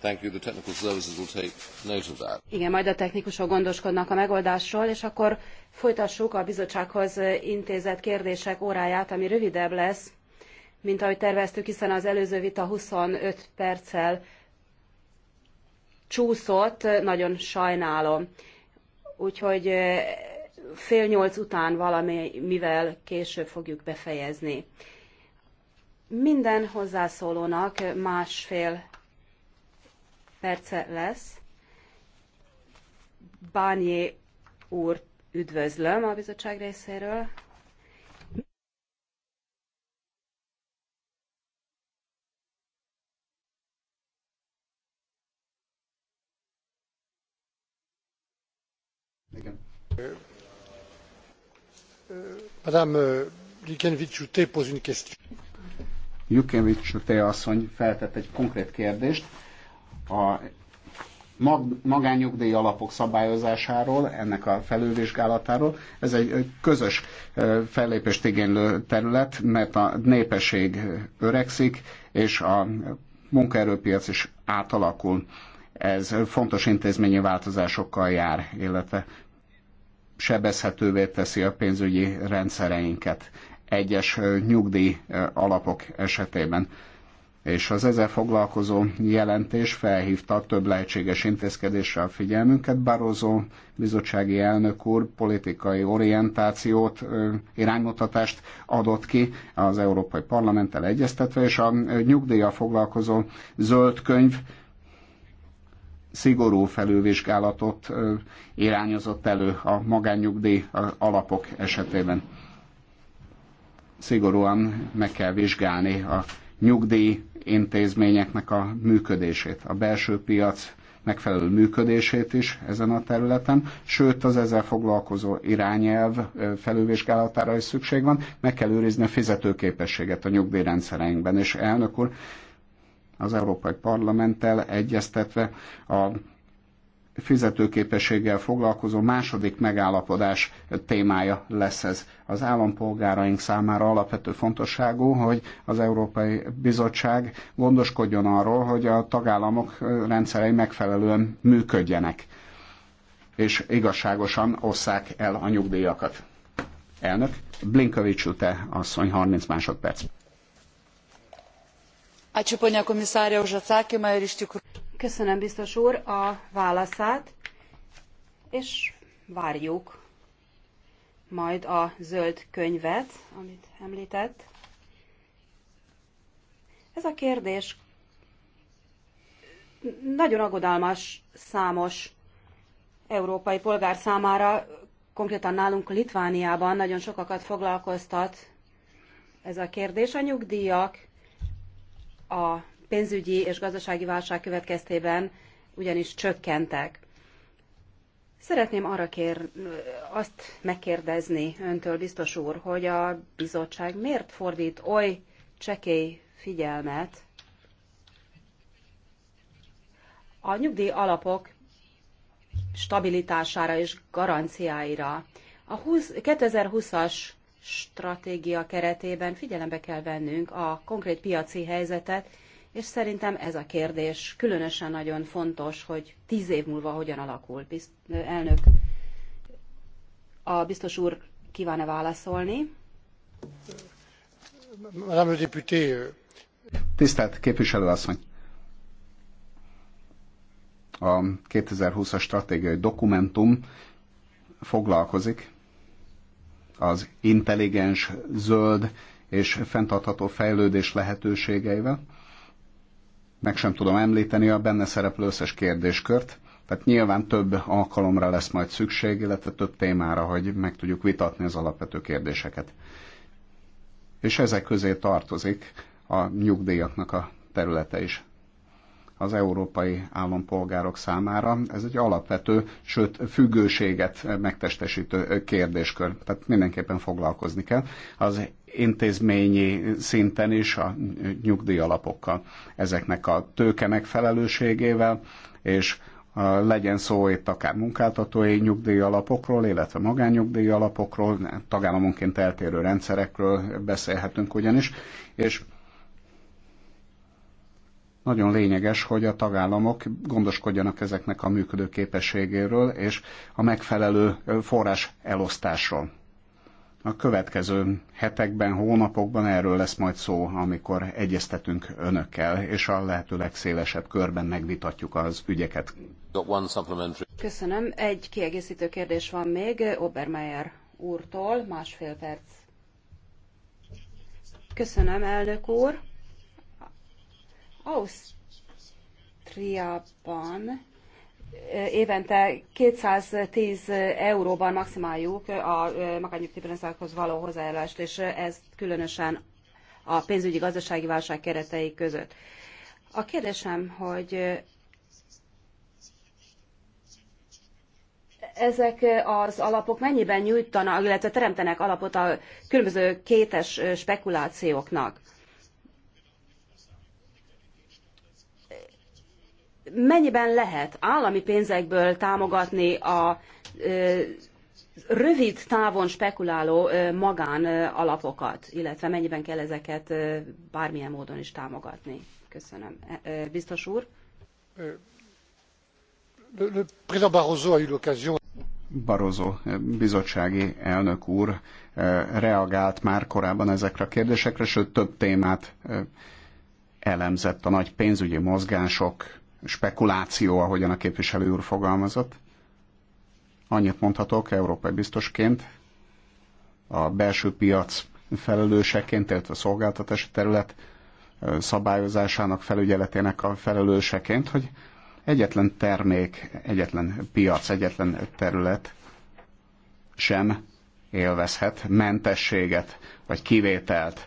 Thank you. The technical services will take note of that. Igen, majd a technikusok gondoskodnak a megoldásról, és akkor folytassuk a bizottsághoz intézett kérdések óráját, ami rövidebb lesz, mint ahogy terveztük, hiszen az előző vita 25 perccel csúszott, nagyon sajnálom. Úgyhogy eh, fél nyolc után valami, mivel később fogjuk befejezni. Minden hozzászólónak másfél perce lesz. Bányé úr üdvözlöm a bizottság részéről. Madame Blinkevichute pose une question. Jukevics te asszony feltett egy konkrét kérdést a mag, magányugdíj alapok szabályozásáról, ennek a felülvizsgálatáról. Ez egy közös fellépést igénylő terület, mert a népesség öregszik, és a munkaerőpiac is átalakul. Ez fontos intézményi változásokkal jár, illetve sebezhetővé teszi a pénzügyi rendszereinket egyes nyugdíj alapok esetében. És az ezzel foglalkozó jelentés felhívta a több lehetséges intézkedésre a figyelmünket. Barozó bizottsági elnök úr politikai orientációt, iránymutatást adott ki az Európai Parlamenttel egyeztetve, és a nyugdíjjal foglalkozó zöld könyv szigorú felülvizsgálatot irányozott elő a magánnyugdíj alapok esetében szigorúan meg kell vizsgálni a nyugdíj intézményeknek a működését, a belső piac megfelelő működését is ezen a területen, sőt az ezzel foglalkozó irányelv felülvizsgálatára is szükség van, meg kell őrizni a fizetőképességet a nyugdíjrendszereinkben, és elnök úr, az Európai Parlamenttel egyeztetve a fizetőképességgel foglalkozó második megállapodás témája lesz ez. Az állampolgáraink számára alapvető fontosságú, hogy az Európai Bizottság gondoskodjon arról, hogy a tagállamok rendszerei megfelelően működjenek, és igazságosan osszák el a nyugdíjakat. Elnök, Blinkovics Ute asszony, 30 másodperc. Ačiū, ponia komisarė, už atsakymą ir iš tikrųjų. Köszönöm, biztos úr, a válaszát, és várjuk majd a zöld könyvet, amit említett. Ez a kérdés nagyon aggodalmas számos európai polgár számára, konkrétan nálunk Litvániában nagyon sokakat foglalkoztat ez a kérdés. A nyugdíjak, a pénzügyi és gazdasági válság következtében ugyanis csökkentek. Szeretném arra kér, azt megkérdezni öntől, biztos úr, hogy a bizottság miért fordít oly csekély figyelmet a nyugdíj alapok stabilitására és garanciáira. A 2020-as stratégia keretében figyelembe kell vennünk a konkrét piaci helyzetet, és szerintem ez a kérdés különösen nagyon fontos, hogy tíz év múlva hogyan alakul. Bizt, elnök, a biztos úr kíván-e válaszolni? Madame le député. Euh, Tisztelt asszony! A 2020-as stratégiai dokumentum foglalkozik az intelligens, zöld és fenntartható fejlődés lehetőségeivel meg sem tudom említeni a benne szereplő összes kérdéskört, tehát nyilván több alkalomra lesz majd szükség, illetve több témára, hogy meg tudjuk vitatni az alapvető kérdéseket. És ezek közé tartozik a nyugdíjaknak a területe is az európai állampolgárok számára. Ez egy alapvető, sőt függőséget megtestesítő kérdéskör. Tehát mindenképpen foglalkozni kell. Az intézményi szinten is a nyugdíjalapokkal, ezeknek a tőke megfelelőségével, és legyen szó itt akár munkáltatói nyugdíjalapokról, illetve magánnyugdíjalapokról, tagállamonként eltérő rendszerekről beszélhetünk ugyanis, és nagyon lényeges, hogy a tagállamok gondoskodjanak ezeknek a működő képességéről és a megfelelő forrás elosztásról. A következő hetekben, hónapokban erről lesz majd szó, amikor egyeztetünk önökkel, és a lehető legszélesebb körben megvitatjuk az ügyeket. Köszönöm. Egy kiegészítő kérdés van még Obermeier úrtól, másfél perc. Köszönöm, elnök úr. Ausztriában évente 210 euróban maximáljuk a magányugdíjpénztárakhoz való hozzájárulást, és ez különösen a pénzügyi gazdasági válság keretei között. A kérdésem, hogy ezek az alapok mennyiben nyújtanak, illetve teremtenek alapot a különböző kétes spekulációknak? mennyiben lehet állami pénzekből támogatni a rövid távon spekuláló magánalapokat, illetve mennyiben kell ezeket bármilyen módon is támogatni. Köszönöm. E, biztos úr? Barroso bizottsági elnök úr reagált már korábban ezekre a kérdésekre, sőt több témát elemzett a nagy pénzügyi mozgások spekuláció, ahogyan a képviselő úr fogalmazott. Annyit mondhatok európai biztosként, a belső piac felelőseként, illetve a szolgáltatási terület szabályozásának, felügyeletének a felelőseként, hogy egyetlen termék, egyetlen piac, egyetlen terület sem élvezhet mentességet vagy kivételt,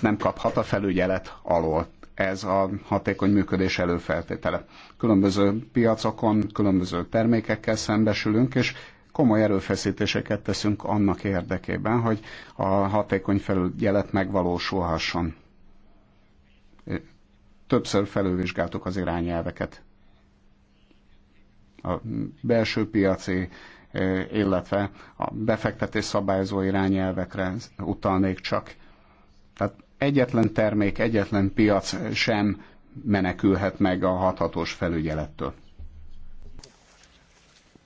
nem kaphat a felügyelet alól ez a hatékony működés előfeltétele. Különböző piacokon, különböző termékekkel szembesülünk, és komoly erőfeszítéseket teszünk annak érdekében, hogy a hatékony felügyelet megvalósulhasson. Többször felülvizsgáltuk az irányelveket. A belső piaci, illetve a befektetés szabályozó irányelvekre utalnék csak. Tehát egyetlen termék, egyetlen piac sem menekülhet meg a hathatós felügyelettől.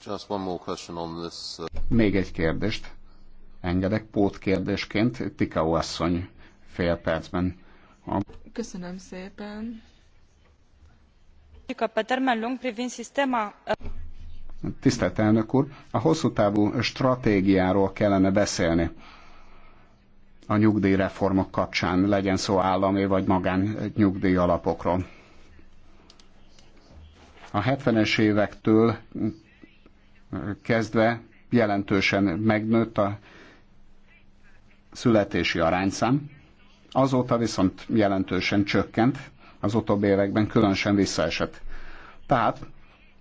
Uh, Még egy kérdést. Engedek kérdésként, Tikao asszony fél percben. A... Köszönöm szépen. Uh, Tisztelt elnök úr, a hosszú távú stratégiáról kellene beszélni a nyugdíjreformok kapcsán, legyen szó állami vagy magán nyugdíj alapokról. A 70-es évektől kezdve jelentősen megnőtt a születési arányszám, azóta viszont jelentősen csökkent, az utóbbi években különösen visszaesett. Tehát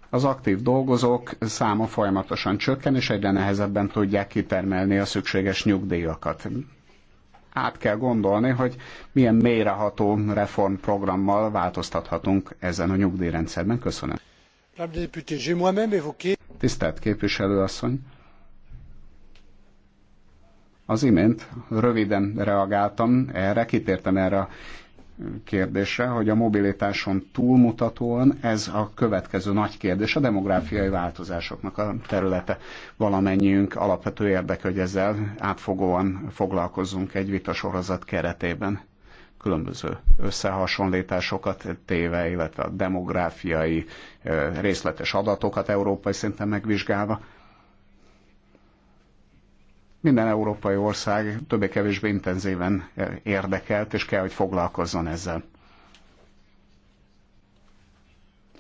az aktív dolgozók száma folyamatosan csökken, és egyre nehezebben tudják kitermelni a szükséges nyugdíjakat át kell gondolni, hogy milyen mélyreható reformprogrammal változtathatunk ezen a nyugdíjrendszerben. Köszönöm. Tisztelt képviselőasszony! Az imént röviden reagáltam erre, kitértem erre a kérdésre, hogy a mobilitáson túlmutatóan ez a következő nagy kérdés, a demográfiai változásoknak a területe. Valamennyiünk alapvető érdek, hogy ezzel átfogóan foglalkozzunk egy vitasorozat keretében különböző összehasonlításokat téve, illetve a demográfiai részletes adatokat európai szinten megvizsgálva. Minden európai ország többé-kevésbé intenzíven érdekelt, és kell, hogy foglalkozzon ezzel.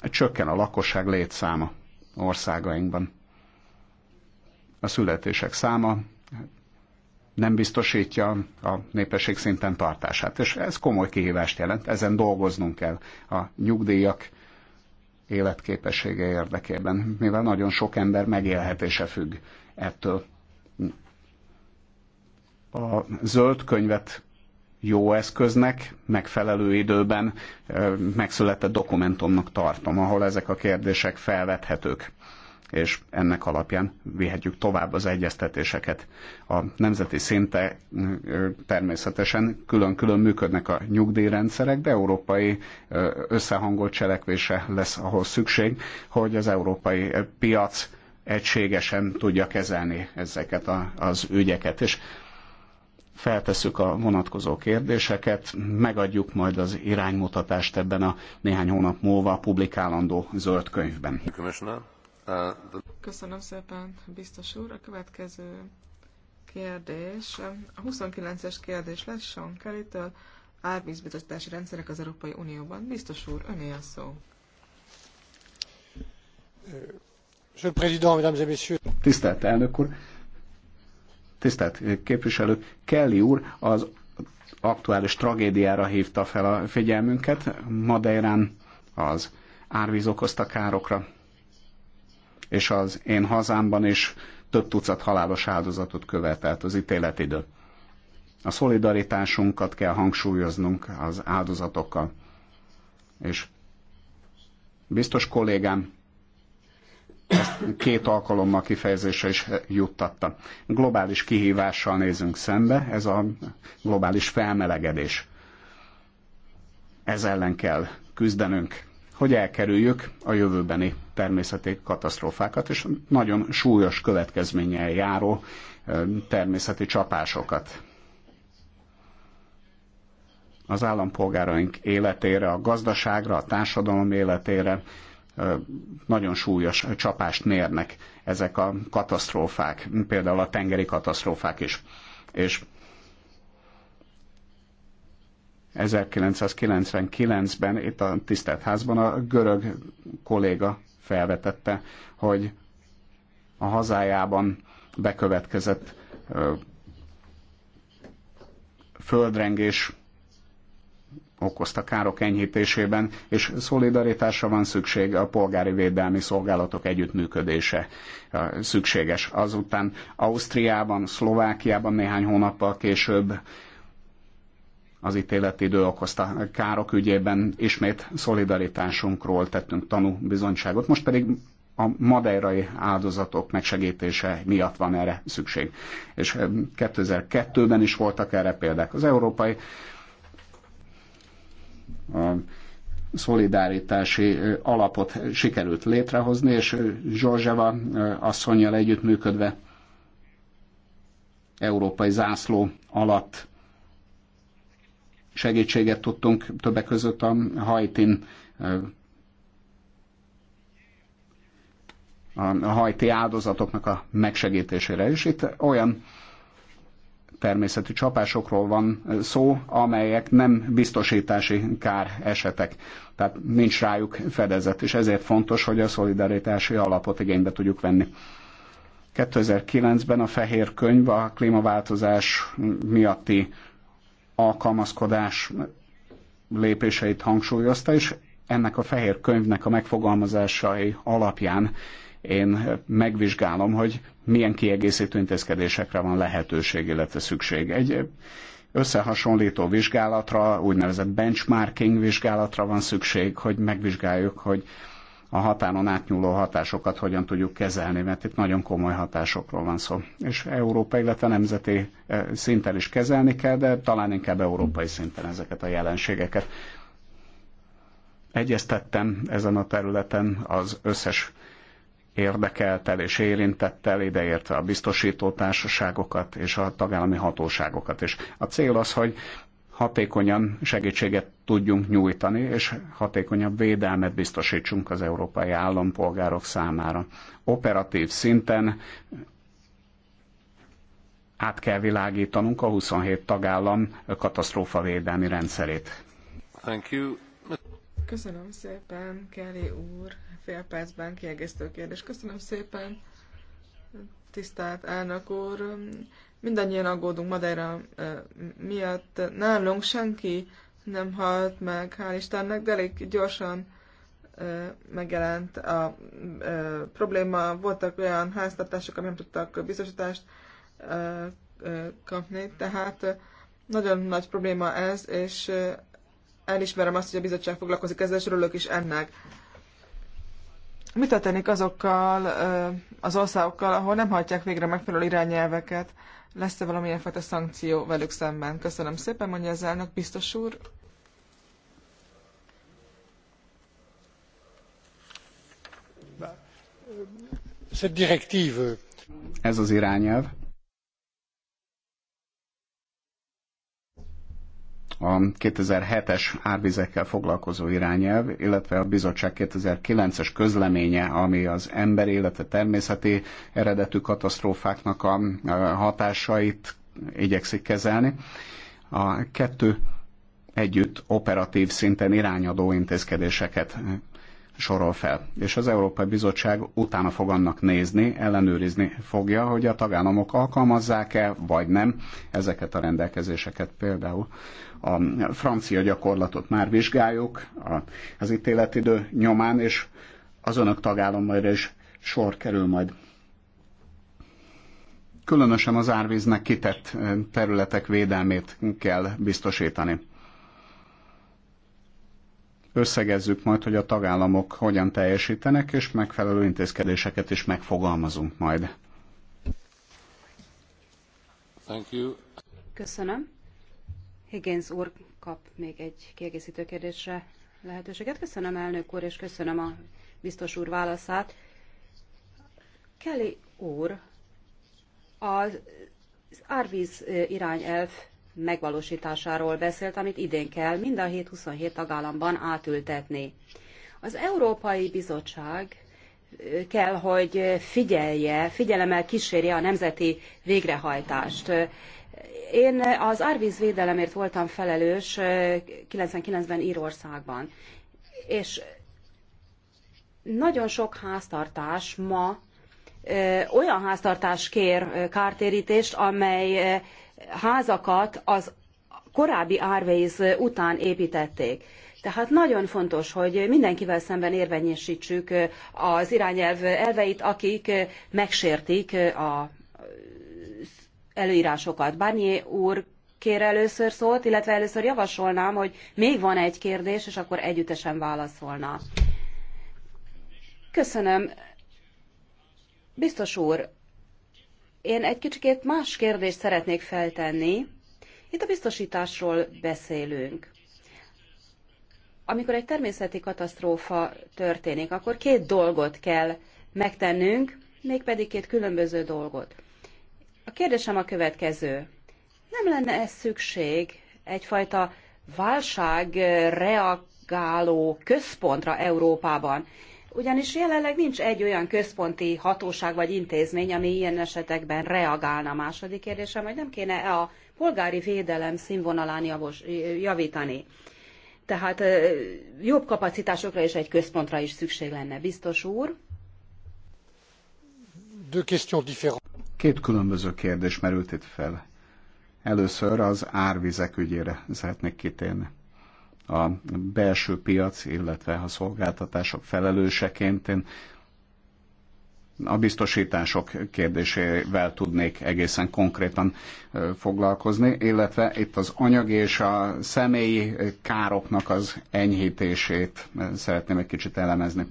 Csökken a lakosság létszáma országainkban. A születések száma nem biztosítja a népesség szinten tartását. És ez komoly kihívást jelent, ezen dolgoznunk kell a nyugdíjak életképessége érdekében, mivel nagyon sok ember megélhetése függ ettől a zöld könyvet jó eszköznek, megfelelő időben megszületett dokumentumnak tartom, ahol ezek a kérdések felvethetők és ennek alapján vihetjük tovább az egyeztetéseket. A nemzeti szinte természetesen külön-külön működnek a nyugdíjrendszerek, de európai összehangolt cselekvése lesz ahhoz szükség, hogy az európai piac egységesen tudja kezelni ezeket az ügyeket. És feltesszük a vonatkozó kérdéseket, megadjuk majd az iránymutatást ebben a néhány hónap múlva publikálandó zöld könyvben. Köszönöm szépen, biztos úr. A következő kérdés, a 29-es kérdés lesz Sean Kelly-től, árvízbiztosítási rendszerek az Európai Unióban. Biztos úr, öné a szó. Tisztelt elnök úr, Tisztelt képviselők, Kelly úr az aktuális tragédiára hívta fel a figyelmünket, Madeirán az árvíz okozta károkra, és az én hazámban is több tucat halálos áldozatot követelt az ítéletidő. A szolidaritásunkat kell hangsúlyoznunk az áldozatokkal. És biztos kollégám két alkalommal kifejezésre is juttatta. Globális kihívással nézünk szembe, ez a globális felmelegedés. Ez ellen kell küzdenünk, hogy elkerüljük a jövőbeni természeti katasztrófákat, és nagyon súlyos következménnyel járó természeti csapásokat az állampolgáraink életére, a gazdaságra, a társadalom életére nagyon súlyos csapást mérnek ezek a katasztrófák, például a tengeri katasztrófák is. És 1999-ben itt a tisztelt házban a görög kolléga felvetette, hogy a hazájában bekövetkezett földrengés okozta károk enyhítésében, és szolidaritásra van szükség, a polgári védelmi szolgálatok együttműködése szükséges. Azután Ausztriában, Szlovákiában néhány hónappal később az ítéletidő okozta károk ügyében ismét szolidaritásunkról tettünk bizonyságot. Most pedig a madeirai áldozatok megsegítése miatt van erre szükség. És 2002-ben is voltak erre példák. Az európai a szolidáritási alapot sikerült létrehozni, és Zsorzseva asszonyjal együttműködve európai zászló alatt segítséget tudtunk többek között a hajtin a hajti áldozatoknak a megsegítésére. És itt olyan természetű csapásokról van szó, amelyek nem biztosítási kár esetek, tehát nincs rájuk fedezet, és ezért fontos, hogy a szolidaritási alapot igénybe tudjuk venni. 2009-ben a fehér könyv a klímaváltozás miatti alkalmazkodás lépéseit hangsúlyozta, és ennek a fehér könyvnek a megfogalmazásai alapján én megvizsgálom, hogy milyen kiegészítő intézkedésekre van lehetőség, illetve szükség. Egy összehasonlító vizsgálatra, úgynevezett benchmarking vizsgálatra van szükség, hogy megvizsgáljuk, hogy a határon átnyúló hatásokat hogyan tudjuk kezelni, mert itt nagyon komoly hatásokról van szó. És Európa, illetve nemzeti eh, szinten is kezelni kell, de talán inkább európai szinten ezeket a jelenségeket. Egyeztettem ezen a területen az összes érdekeltel és érintettel, ideértve a biztosító társaságokat és a tagállami hatóságokat. És a cél az, hogy hatékonyan segítséget tudjunk nyújtani, és hatékonyabb védelmet biztosítsunk az európai állampolgárok számára. Operatív szinten át kell világítanunk a 27 tagállam katasztrófavédelmi rendszerét. Thank you. Köszönöm szépen, Kelly úr, fél percben kiegészítő kérdés. Köszönöm szépen, tisztelt elnök úr. Mindannyian aggódunk Madeira miatt. Nálunk senki nem halt meg, hál' Istennek, de elég gyorsan megjelent a probléma. Voltak olyan háztartások, amik nem tudtak biztosítást kapni, tehát nagyon nagy probléma ez, és elismerem azt, hogy a bizottság foglalkozik ezzel, és örülök is ennek. Mi történik azokkal az országokkal, ahol nem hajtják végre megfelelő irányelveket? Lesz-e valamilyen fajta szankció velük szemben? Köszönöm szépen, mondja az elnök, biztos úr. Ez az irányelv a 2007-es árvizekkel foglalkozó irányelv, illetve a bizottság 2009-es közleménye, ami az emberi, illetve természeti eredetű katasztrófáknak a hatásait igyekszik kezelni. A kettő együtt operatív szinten irányadó intézkedéseket sorol fel. És az Európai Bizottság utána fog annak nézni, ellenőrizni fogja, hogy a tagállamok alkalmazzák-e, vagy nem ezeket a rendelkezéseket például a francia gyakorlatot már vizsgáljuk az ítéletidő nyomán, és az önök tagállamaira is sor kerül majd. Különösen az árvíznek kitett területek védelmét kell biztosítani. Összegezzük majd, hogy a tagállamok hogyan teljesítenek, és megfelelő intézkedéseket is megfogalmazunk majd. Thank you. Köszönöm. Higgins úr kap még egy kiegészítő kérdésre lehetőséget. Köszönöm elnök úr, és köszönöm a biztos úr válaszát. Kelly úr, az árvíz irányelv megvalósításáról beszélt, amit idén kell mind a 7-27 tagállamban átültetni. Az Európai Bizottság kell, hogy figyelje, figyelemmel kísérje a nemzeti végrehajtást. Én az árvízvédelemért voltam felelős 99-ben eh, Írországban, és nagyon sok háztartás ma eh, olyan háztartás kér eh, kártérítést, amely házakat az korábbi árvíz után építették. Tehát nagyon fontos, hogy mindenkivel szemben érvényesítsük az irányelv elveit, akik megsértik a előírásokat. Barnier úr kér először szót, illetve először javasolnám, hogy még van egy kérdés, és akkor együttesen válaszolna. Köszönöm. Biztos úr, én egy kicsikét más kérdést szeretnék feltenni. Itt a biztosításról beszélünk. Amikor egy természeti katasztrófa történik, akkor két dolgot kell megtennünk, mégpedig két különböző dolgot. A kérdésem a következő. Nem lenne ez szükség egyfajta válságreagáló központra Európában? Ugyanis jelenleg nincs egy olyan központi hatóság vagy intézmény, ami ilyen esetekben reagálna. A második kérdésem, hogy nem kéne -e a polgári védelem színvonalán javos, javítani. Tehát jobb kapacitásokra és egy központra is szükség lenne, biztos úr. Két különböző kérdés merült itt fel. Először az árvizek ügyére szeretnék kitérni. A belső piac, illetve a szolgáltatások felelőseként én a biztosítások kérdésével tudnék egészen konkrétan foglalkozni, illetve itt az anyagi és a személyi károknak az enyhítését szeretném egy kicsit elemezni.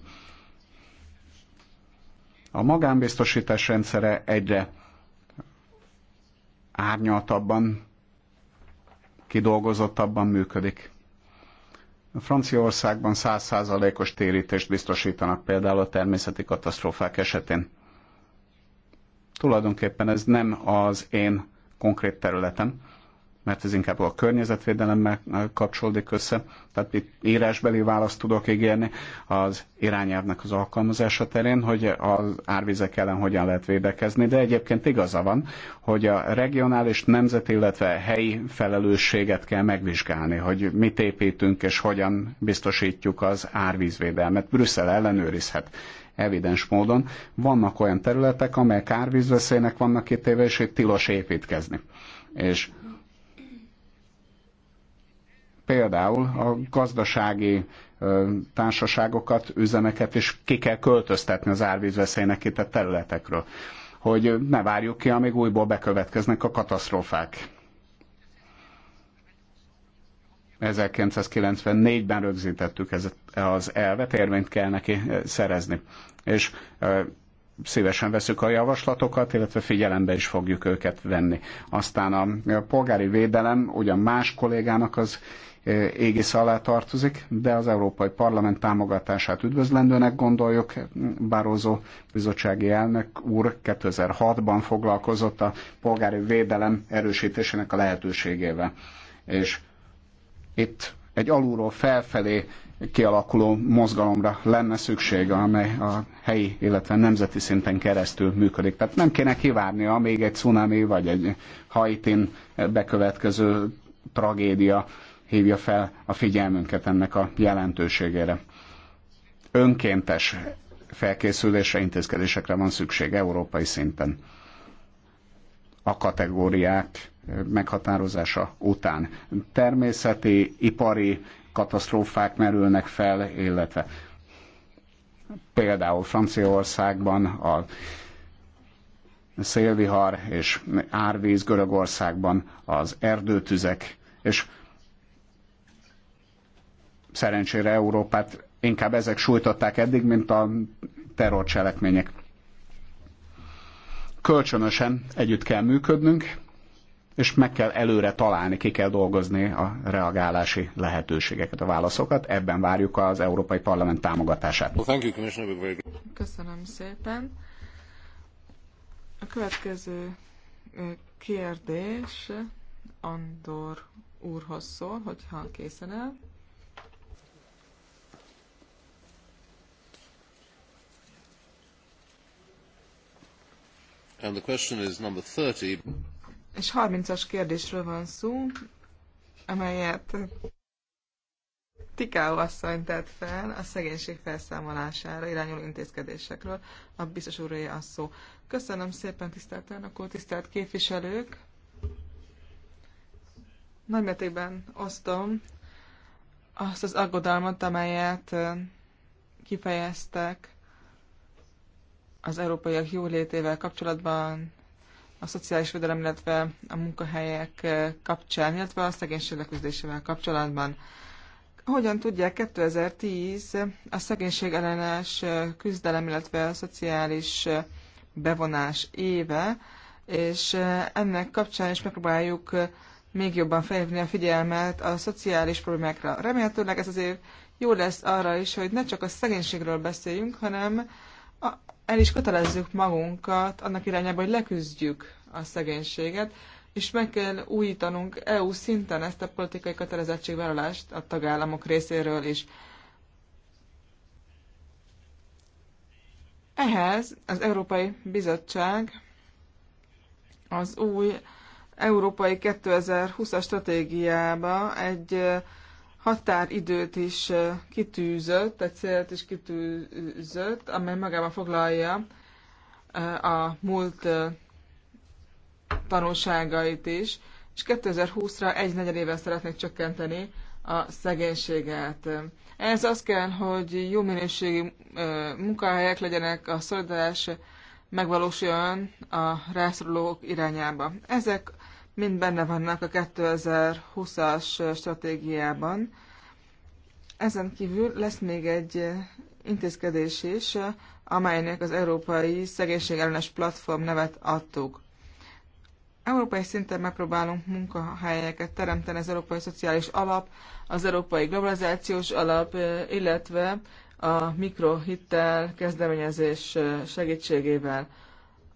A magánbiztosítás rendszere egyre árnyaltabban, kidolgozottabban működik. A Franciaországban 100%-os térítést biztosítanak például a természeti katasztrófák esetén. Tulajdonképpen ez nem az én konkrét területem, mert ez inkább a környezetvédelemmel eh, kapcsolódik össze. Tehát itt írásbeli választ tudok ígérni az irányelvnek az alkalmazása terén, hogy az árvizek ellen hogyan lehet védekezni, de egyébként igaza van, hogy a regionális, nemzeti, illetve helyi felelősséget kell megvizsgálni, hogy mit építünk és hogyan biztosítjuk az árvízvédelmet. Brüsszel ellenőrizhet evidens módon. Vannak olyan területek, amelyek árvízveszélynek vannak kitéve, és itt tilos építkezni. És például a gazdasági társaságokat, üzemeket is ki kell költöztetni az árvízveszélynek itt a területekről, hogy ne várjuk ki, amíg újból bekövetkeznek a katasztrófák. 1994-ben rögzítettük ez az elvet, érvényt kell neki szerezni. És szívesen veszük a javaslatokat, illetve figyelembe is fogjuk őket venni. Aztán a polgári védelem, ugyan más kollégának az égisz alá tartozik, de az Európai Parlament támogatását üdvözlendőnek gondoljuk. Bározó bizottsági elnök úr 2006-ban foglalkozott a polgári védelem erősítésének a lehetőségével. És itt egy alulról felfelé kialakuló mozgalomra lenne szükség, amely a helyi, illetve nemzeti szinten keresztül működik. Tehát nem kéne kivárni, amíg egy cunami vagy egy hajtin bekövetkező tragédia hívja fel a figyelmünket ennek a jelentőségére. Önkéntes felkészülésre, intézkedésekre van szükség európai szinten. A kategóriák meghatározása után. Természeti, ipari katasztrófák merülnek fel, illetve például Franciaországban a szélvihar és árvíz Görögországban az erdőtüzek, és Szerencsére Európát inkább ezek sújtották eddig, mint a terrorcselekmények. Kölcsönösen együtt kell működnünk, és meg kell előre találni, ki kell dolgozni a reagálási lehetőségeket, a válaszokat. Ebben várjuk az Európai Parlament támogatását. Köszönöm szépen. A következő kérdés Andor úrhoz szól, hogyha készen el. And the question is number 30. És 30-as kérdésről van szó, amelyet Tikáó asszony tett fel a szegénység felszámolására irányuló intézkedésekről. A biztos úré a szó. Köszönöm szépen, tisztelt elnök úr, tisztelt képviselők! Nagymértékben osztom azt az aggodalmat, amelyet kifejeztek az európaiak jólétével kapcsolatban a szociális védelem, illetve a munkahelyek kapcsán, illetve a szegénység leküzdésével kapcsolatban. Hogyan tudják 2010 a szegénység ellenes küzdelem, illetve a szociális bevonás éve, és ennek kapcsán is megpróbáljuk még jobban felhívni a figyelmet a szociális problémákra. Remélhetőleg ez az év jó lesz arra is, hogy ne csak a szegénységről beszéljünk, hanem el is kötelezzük magunkat annak irányába, hogy leküzdjük a szegénységet, és meg kell újítanunk EU szinten ezt a politikai kötelezettségvállalást a tagállamok részéről is. Ehhez az Európai Bizottság az új Európai 2020-as stratégiába egy határidőt is kitűzött, egy célt is kitűzött, amely magában foglalja a múlt tanulságait is, és 2020-ra egy negyedével szeretnék csökkenteni a szegénységet. Ez az kell, hogy jó minőségű munkahelyek legyenek, a szolidaritás megvalósuljon a rászorulók irányába. Ezek mind benne vannak a 2020-as stratégiában. Ezen kívül lesz még egy intézkedés is, amelynek az Európai Szegénység Ellenes Platform nevet adtuk. Európai szinten megpróbálunk munkahelyeket teremteni az Európai Szociális Alap, az Európai Globalizációs Alap, illetve a mikrohitel kezdeményezés segítségével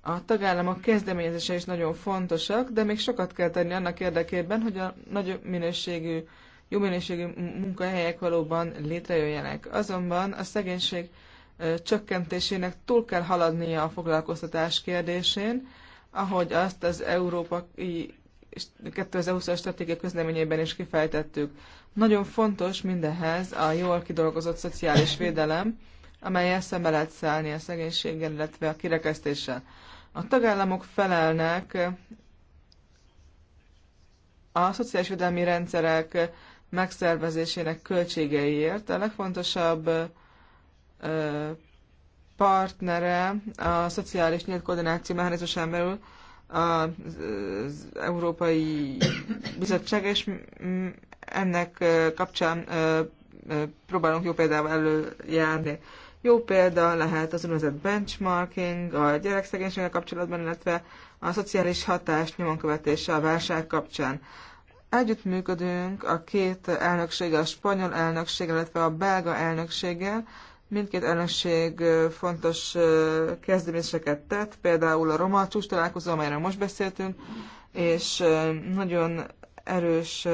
a tagállamok kezdeményezése is nagyon fontosak, de még sokat kell tenni annak érdekében, hogy a nagy minőségű, jó minőségű munkahelyek valóban létrejöjjenek. Azonban a szegénység csökkentésének túl kell haladnia a foglalkoztatás kérdésén, ahogy azt az Európai 2020-as stratégia közleményében is kifejtettük. Nagyon fontos mindehhez a jól kidolgozott szociális védelem, amelyel szembe lehet szállni a szegénységgel, illetve a kirekesztéssel. A tagállamok felelnek a szociális védelmi rendszerek megszervezésének költségeiért. A legfontosabb partnere a szociális nyílt koordináció mechanizmusán belül az Európai Bizottság, és ennek kapcsán próbálunk jó példával előjárni. Jó példa lehet az úgynevezett benchmarking, a gyerekszegénységgel kapcsolatban, illetve a szociális hatás nyomonkövetése a válság kapcsán. Együttműködünk a két elnökséggel, a spanyol elnökséggel, illetve a belga elnökséggel. Mindkét elnökség fontos kezdeményezéseket tett, például a roma csúcs találkozó, amelyről most beszéltünk, és nagyon erős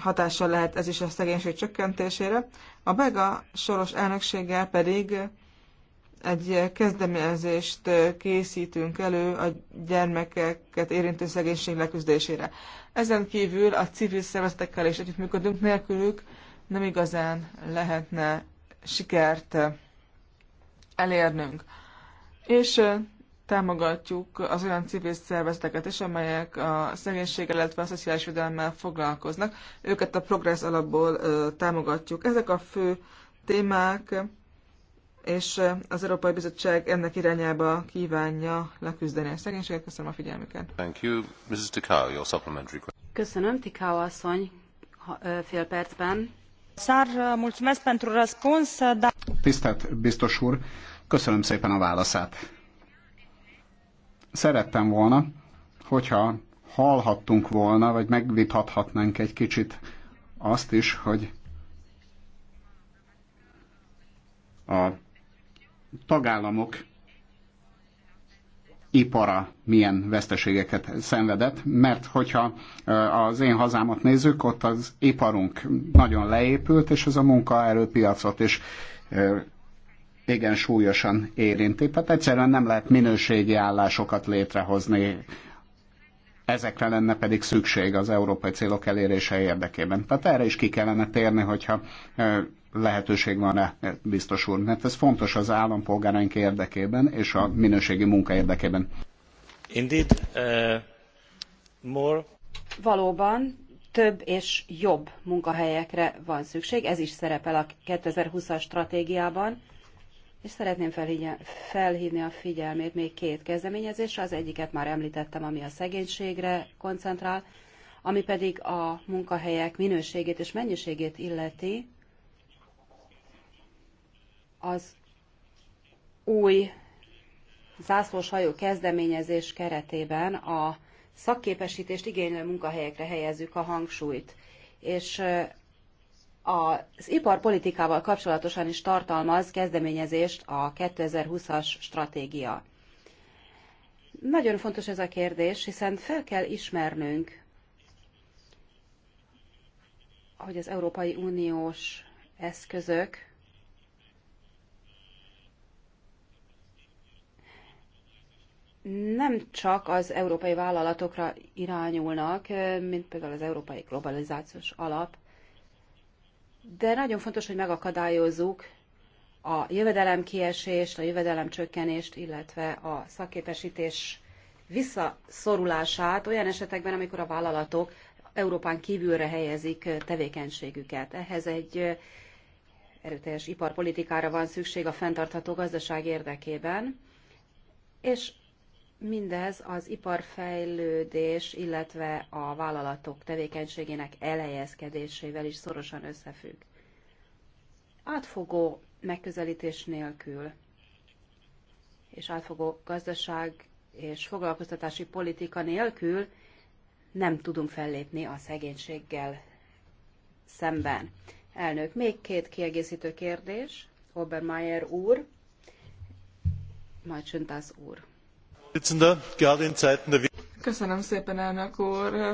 hatással lehet ez is a szegénység csökkentésére. A belga soros elnökséggel pedig egy kezdeményezést készítünk elő a gyermekeket érintő szegénység leküzdésére. Ezen kívül a civil szervezetekkel is együttműködünk, nélkülük nem igazán lehetne sikert elérnünk. És támogatjuk az olyan civil szervezeteket is, amelyek a szegénységgel, illetve a szociális védelemmel foglalkoznak. Őket a progress alapból támogatjuk. Ezek a fő témák, és az Európai Bizottság ennek irányába kívánja leküzdeni a szegénységet. Köszönöm a figyelmüket. Thank you. Mrs. Tikau, your supplementary question. Köszönöm, Tikau asszony, fél percben. Szár, mulțumesc pentru răspuns, Tisztelt biztos úr, köszönöm szépen a válaszát szerettem volna, hogyha hallhattunk volna, vagy megvitathatnánk egy kicsit azt is, hogy a tagállamok ipara milyen veszteségeket szenvedett, mert hogyha az én hazámat nézzük, ott az iparunk nagyon leépült, és ez a munkaerőpiacot is igen súlyosan érinti. Tehát egyszerűen nem lehet minőségi állásokat létrehozni, ezekre lenne pedig szükség az európai célok elérése érdekében. Tehát erre is ki kellene térni, hogyha lehetőség van rá, biztos úr, mert ez fontos az állampolgáraink érdekében és a minőségi munka érdekében. Indeed, uh, more. Valóban több és jobb munkahelyekre van szükség, ez is szerepel a 2020-as stratégiában és szeretném felhívni a figyelmét még két kezdeményezésre. Az egyiket már említettem, ami a szegénységre koncentrál, ami pedig a munkahelyek minőségét és mennyiségét illeti, az új zászlós hajó kezdeményezés keretében a szakképesítést igénylő munkahelyekre helyezzük a hangsúlyt, és az iparpolitikával kapcsolatosan is tartalmaz kezdeményezést a 2020-as stratégia. Nagyon fontos ez a kérdés, hiszen fel kell ismernünk, hogy az Európai Uniós eszközök nem csak az európai vállalatokra irányulnak, mint például az Európai Globalizációs Alap, de nagyon fontos, hogy megakadályozzuk a jövedelem kiesést, a jövedelem csökkenést, illetve a szakképesítés visszaszorulását olyan esetekben, amikor a vállalatok Európán kívülre helyezik tevékenységüket. Ehhez egy erőteljes iparpolitikára van szükség a fenntartható gazdaság érdekében, és Mindez az iparfejlődés, illetve a vállalatok tevékenységének elhelyezkedésével is szorosan összefügg. Átfogó megközelítés nélkül és átfogó gazdaság és foglalkoztatási politika nélkül nem tudunk fellépni a szegénységgel szemben. Elnök, még két kiegészítő kérdés. Obermeier úr, majd az úr. Köszönöm szépen,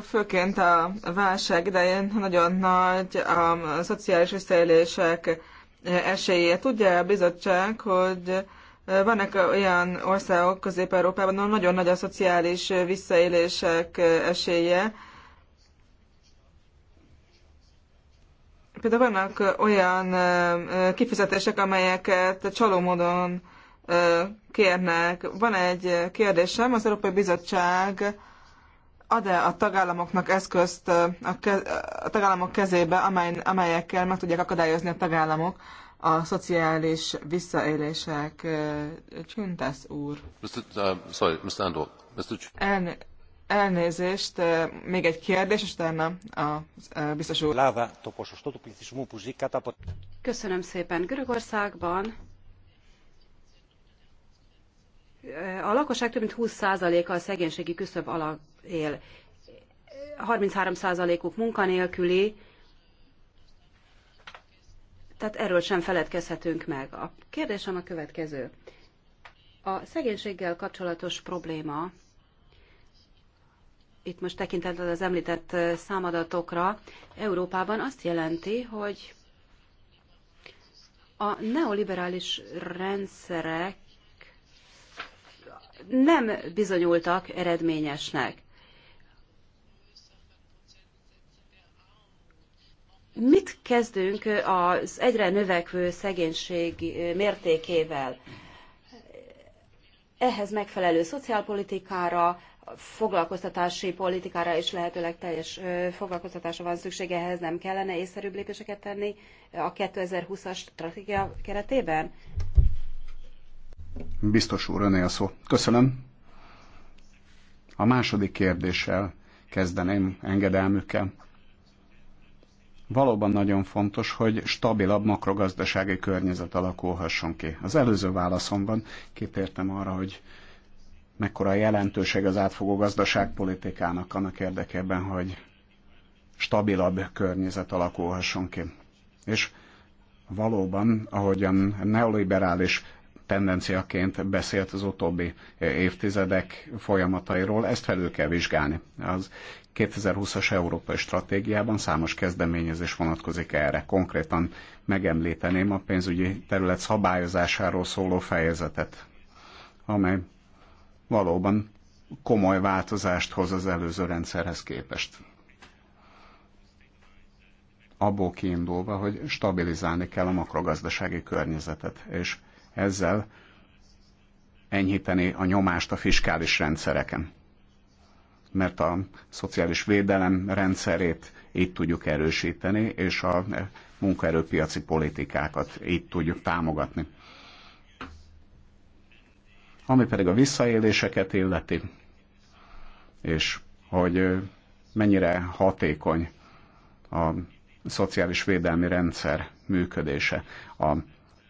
Főként a válság idején nagyon nagy a um, szociális visszaélések esélye. Tudja a bizottság, hogy vannak olyan országok Közép-Európában, ahol nagyon nagy a szociális visszaélések esélye. Például vannak olyan um, kifizetések, amelyeket csaló módon kérnek. Van egy kérdésem, az Európai Bizottság ad-e a tagállamoknak eszközt a, kez, a tagállamok kezébe, amely, amelyekkel meg tudják akadályozni a tagállamok a szociális visszaélések? Csüntesz úr. Mr. Uh, sorry, Mr. Mr. elnézést, még egy kérdés, és utána a biztos úr. Köszönöm szépen. Görögországban a lakosság több mint 20%-a a szegénységi küszöb alatt él. 33%-uk munkanélküli, tehát erről sem feledkezhetünk meg. A kérdésem a következő. A szegénységgel kapcsolatos probléma, itt most tekintettel az említett számadatokra, Európában azt jelenti, hogy a neoliberális rendszerek nem bizonyultak eredményesnek. Mit kezdünk az egyre növekvő szegénység mértékével? Ehhez megfelelő szociálpolitikára, foglalkoztatási politikára és lehetőleg teljes foglalkoztatásra van szükség, ehhez nem kellene észszerűbb lépéseket tenni a 2020-as stratégia keretében? Biztos úr, öné a szó. Köszönöm. A második kérdéssel kezdeném engedelmükkel. Valóban nagyon fontos, hogy stabilabb makrogazdasági környezet alakulhasson ki. Az előző válaszomban kitértem arra, hogy mekkora a jelentőség az átfogó gazdaságpolitikának annak érdekében, hogy stabilabb környezet alakulhasson ki. És valóban, ahogyan neoliberális tendenciaként beszélt az utóbbi eh, évtizedek folyamatairól, ezt felül kell vizsgálni. Az 2020-as Európai Stratégiában számos kezdeményezés vonatkozik erre. Konkrétan megemlíteném a pénzügyi terület szabályozásáról szóló fejezetet, amely valóban komoly változást hoz az előző rendszerhez képest. Abból kiindulva, hogy stabilizálni kell a makrogazdasági környezetet, és ezzel enyhíteni a nyomást a fiskális rendszereken. Mert a szociális védelem rendszerét itt tudjuk erősíteni, és a munkaerőpiaci politikákat itt tudjuk támogatni. Ami pedig a visszaéléseket illeti, és hogy mennyire hatékony a szociális védelmi rendszer működése. A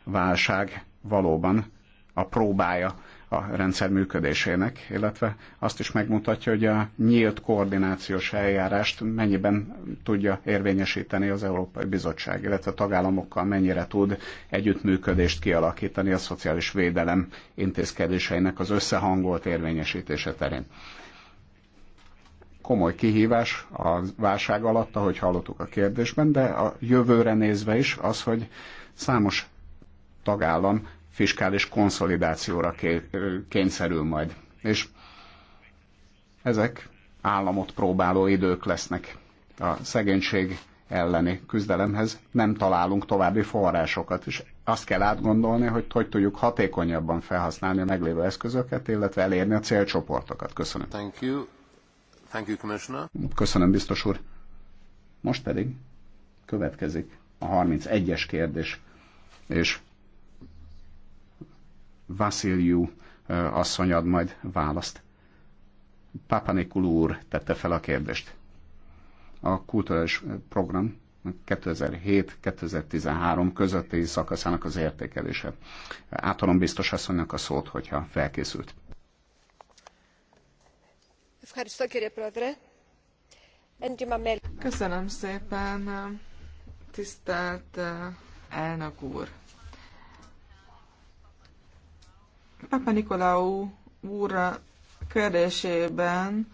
válság valóban a próbája a rendszer működésének, illetve azt is megmutatja, hogy a nyílt koordinációs eljárást mennyiben tudja érvényesíteni az Európai Bizottság, illetve a tagállamokkal mennyire tud együttműködést kialakítani a szociális védelem intézkedéseinek az összehangolt érvényesítése terén. Komoly kihívás a válság alatt, ahogy hallottuk a kérdésben, de a jövőre nézve is az, hogy számos tagállam fiskális konszolidációra kényszerül majd. És ezek államot próbáló idők lesznek. A szegénység elleni küzdelemhez nem találunk további forrásokat, és azt kell átgondolni, hogy hogy tudjuk hatékonyabban felhasználni a meglévő eszközöket, illetve elérni a célcsoportokat. Köszönöm. Thank you. Thank you, Commissioner. Köszönöm, biztos úr. Most pedig következik a 31-es kérdés, és Vasziliu asszony ad majd választ. Papanikul úr tette fel a kérdést. A kulturális program 2007-2013 közötti szakaszának az értékelése. Átadom biztos asszonynak a szót, hogyha felkészült. Köszönöm szépen, tisztelt elnök úr! Papa Nikolaou úr kérdésében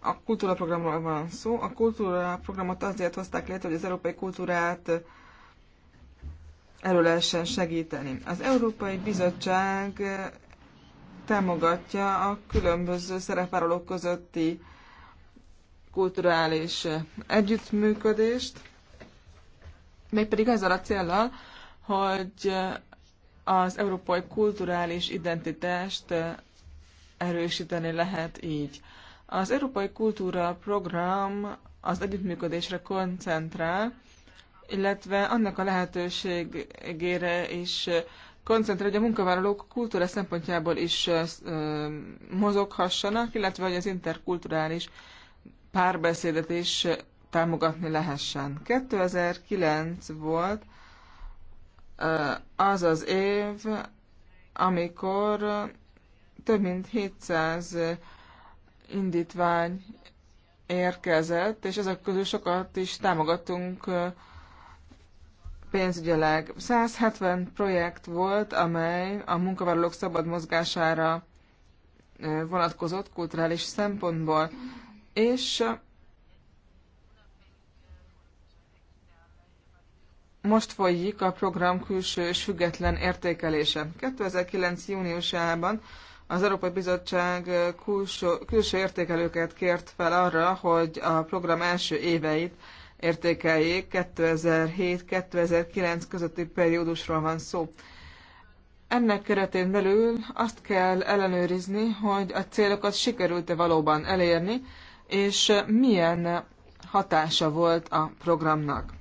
a kultúraprogramról van szó. A kultúraprogramot azért hozták létre, hogy az európai kultúrát elő lehessen segíteni. Az Európai Bizottság támogatja a különböző szerepvállalók közötti kulturális együttműködést, mégpedig azzal a célral, hogy az európai kulturális identitást erősíteni lehet így. Az Európai Kultúra Program az együttműködésre koncentrál, illetve annak a lehetőségére is koncentrál, hogy a munkavállalók kultúra szempontjából is mozoghassanak, illetve hogy az interkulturális párbeszédet is támogatni lehessen. 2009 volt az az év, amikor több mint 700 indítvány érkezett, és ezek közül sokat is támogattunk pénzügyileg. 170 projekt volt, amely a munkavállalók szabad mozgására vonatkozott kulturális szempontból, és most folyik a program külső és független értékelése. 2009. júniusában az Európai Bizottság külső, külső értékelőket kért fel arra, hogy a program első éveit értékeljék, 2007-2009 közötti periódusról van szó. Ennek keretén belül azt kell ellenőrizni, hogy a célokat sikerült-e valóban elérni, és milyen hatása volt a programnak.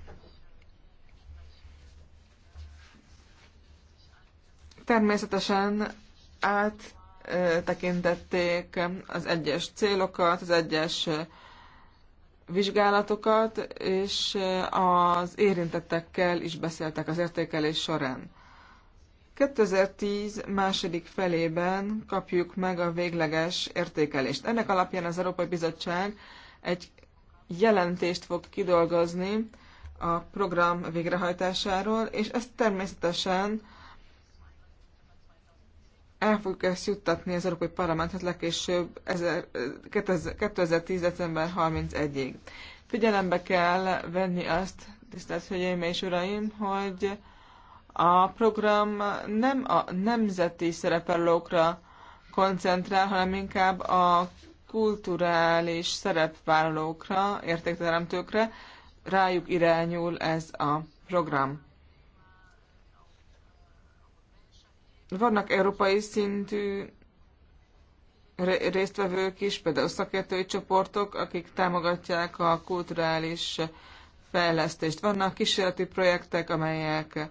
Természetesen áttekintették az egyes célokat, az egyes vizsgálatokat, és az érintettekkel is beszéltek az értékelés során. 2010 második felében kapjuk meg a végleges értékelést. Ennek alapján az Európai Bizottság egy jelentést fog kidolgozni a program végrehajtásáról, és ezt természetesen el fogjuk ezt juttatni az Európai Parlamenthez legkésőbb 2010. december 31-ig. Figyelembe kell venni azt, tisztelt Hölgyeim és Uraim, hogy a program nem a nemzeti szerepelőkra koncentrál, hanem inkább a kulturális szerepvállalókra, értékteremtőkre, rájuk irányul ez a program. Vannak európai szintű résztvevők is, például szakértői csoportok, akik támogatják a kulturális fejlesztést. Vannak kísérleti projektek, amelyek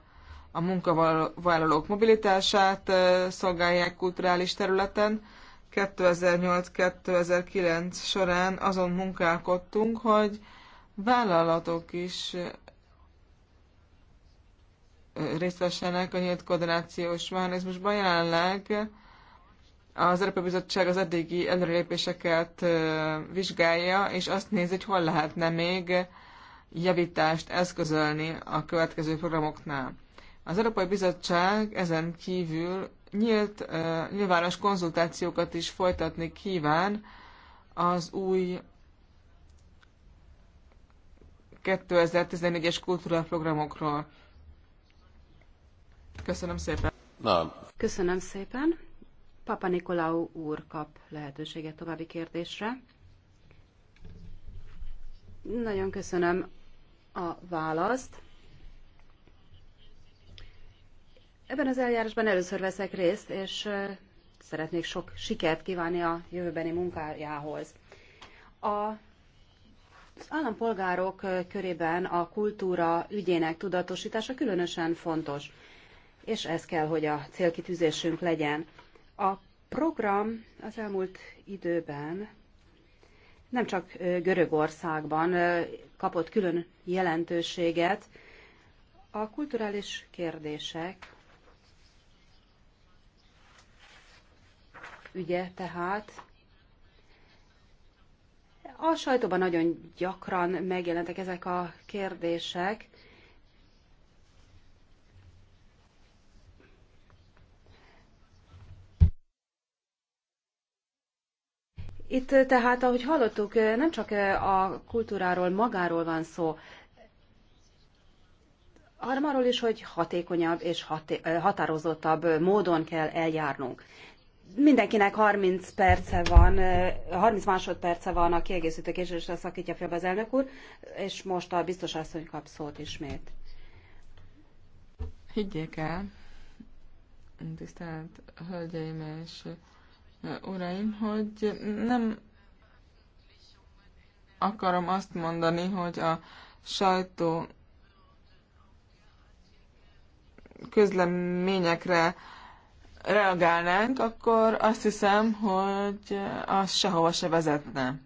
a munkavállalók mobilitását szolgálják kulturális területen. 2008-2009 során azon munkálkodtunk, hogy vállalatok is részt vessenek a nyílt koordinációs mechanizmusban. Jelenleg az Európai Bizottság az eddigi előrelépéseket vizsgálja, és azt nézi, hogy hol lehetne még javítást eszközölni a következő programoknál. Az Európai Bizottság ezen kívül nyílt, nyilvános konzultációkat is folytatni kíván az új 2014-es kultúraprogramokról. Köszönöm szépen. Na. Köszönöm szépen. Papa Nikolau úr kap lehetőséget további kérdésre. Nagyon köszönöm a választ. Ebben az eljárásban először veszek részt, és szeretnék sok sikert kívánni a jövőbeni munkájához. A az állampolgárok körében a kultúra ügyének tudatosítása különösen fontos és ez kell, hogy a célkitűzésünk legyen. A program az elmúlt időben nem csak Görögországban kapott külön jelentőséget, a kulturális kérdések ügye tehát a sajtóban nagyon gyakran megjelentek ezek a kérdések, Itt tehát, ahogy hallottuk, nem csak a kultúráról magáról van szó, hanem arról is, hogy hatékonyabb és haté határozottabb módon kell eljárnunk. Mindenkinek 30 perce van, 30 másodperce van a kiegészítő késésre szakítja fel az elnök úr, és most a biztos asszony kap szót ismét. Higgyék el, tisztelt hölgyeim és uraim, hogy nem akarom azt mondani, hogy a sajtó közleményekre reagálnánk, akkor azt hiszem, hogy az sehova se vezetne.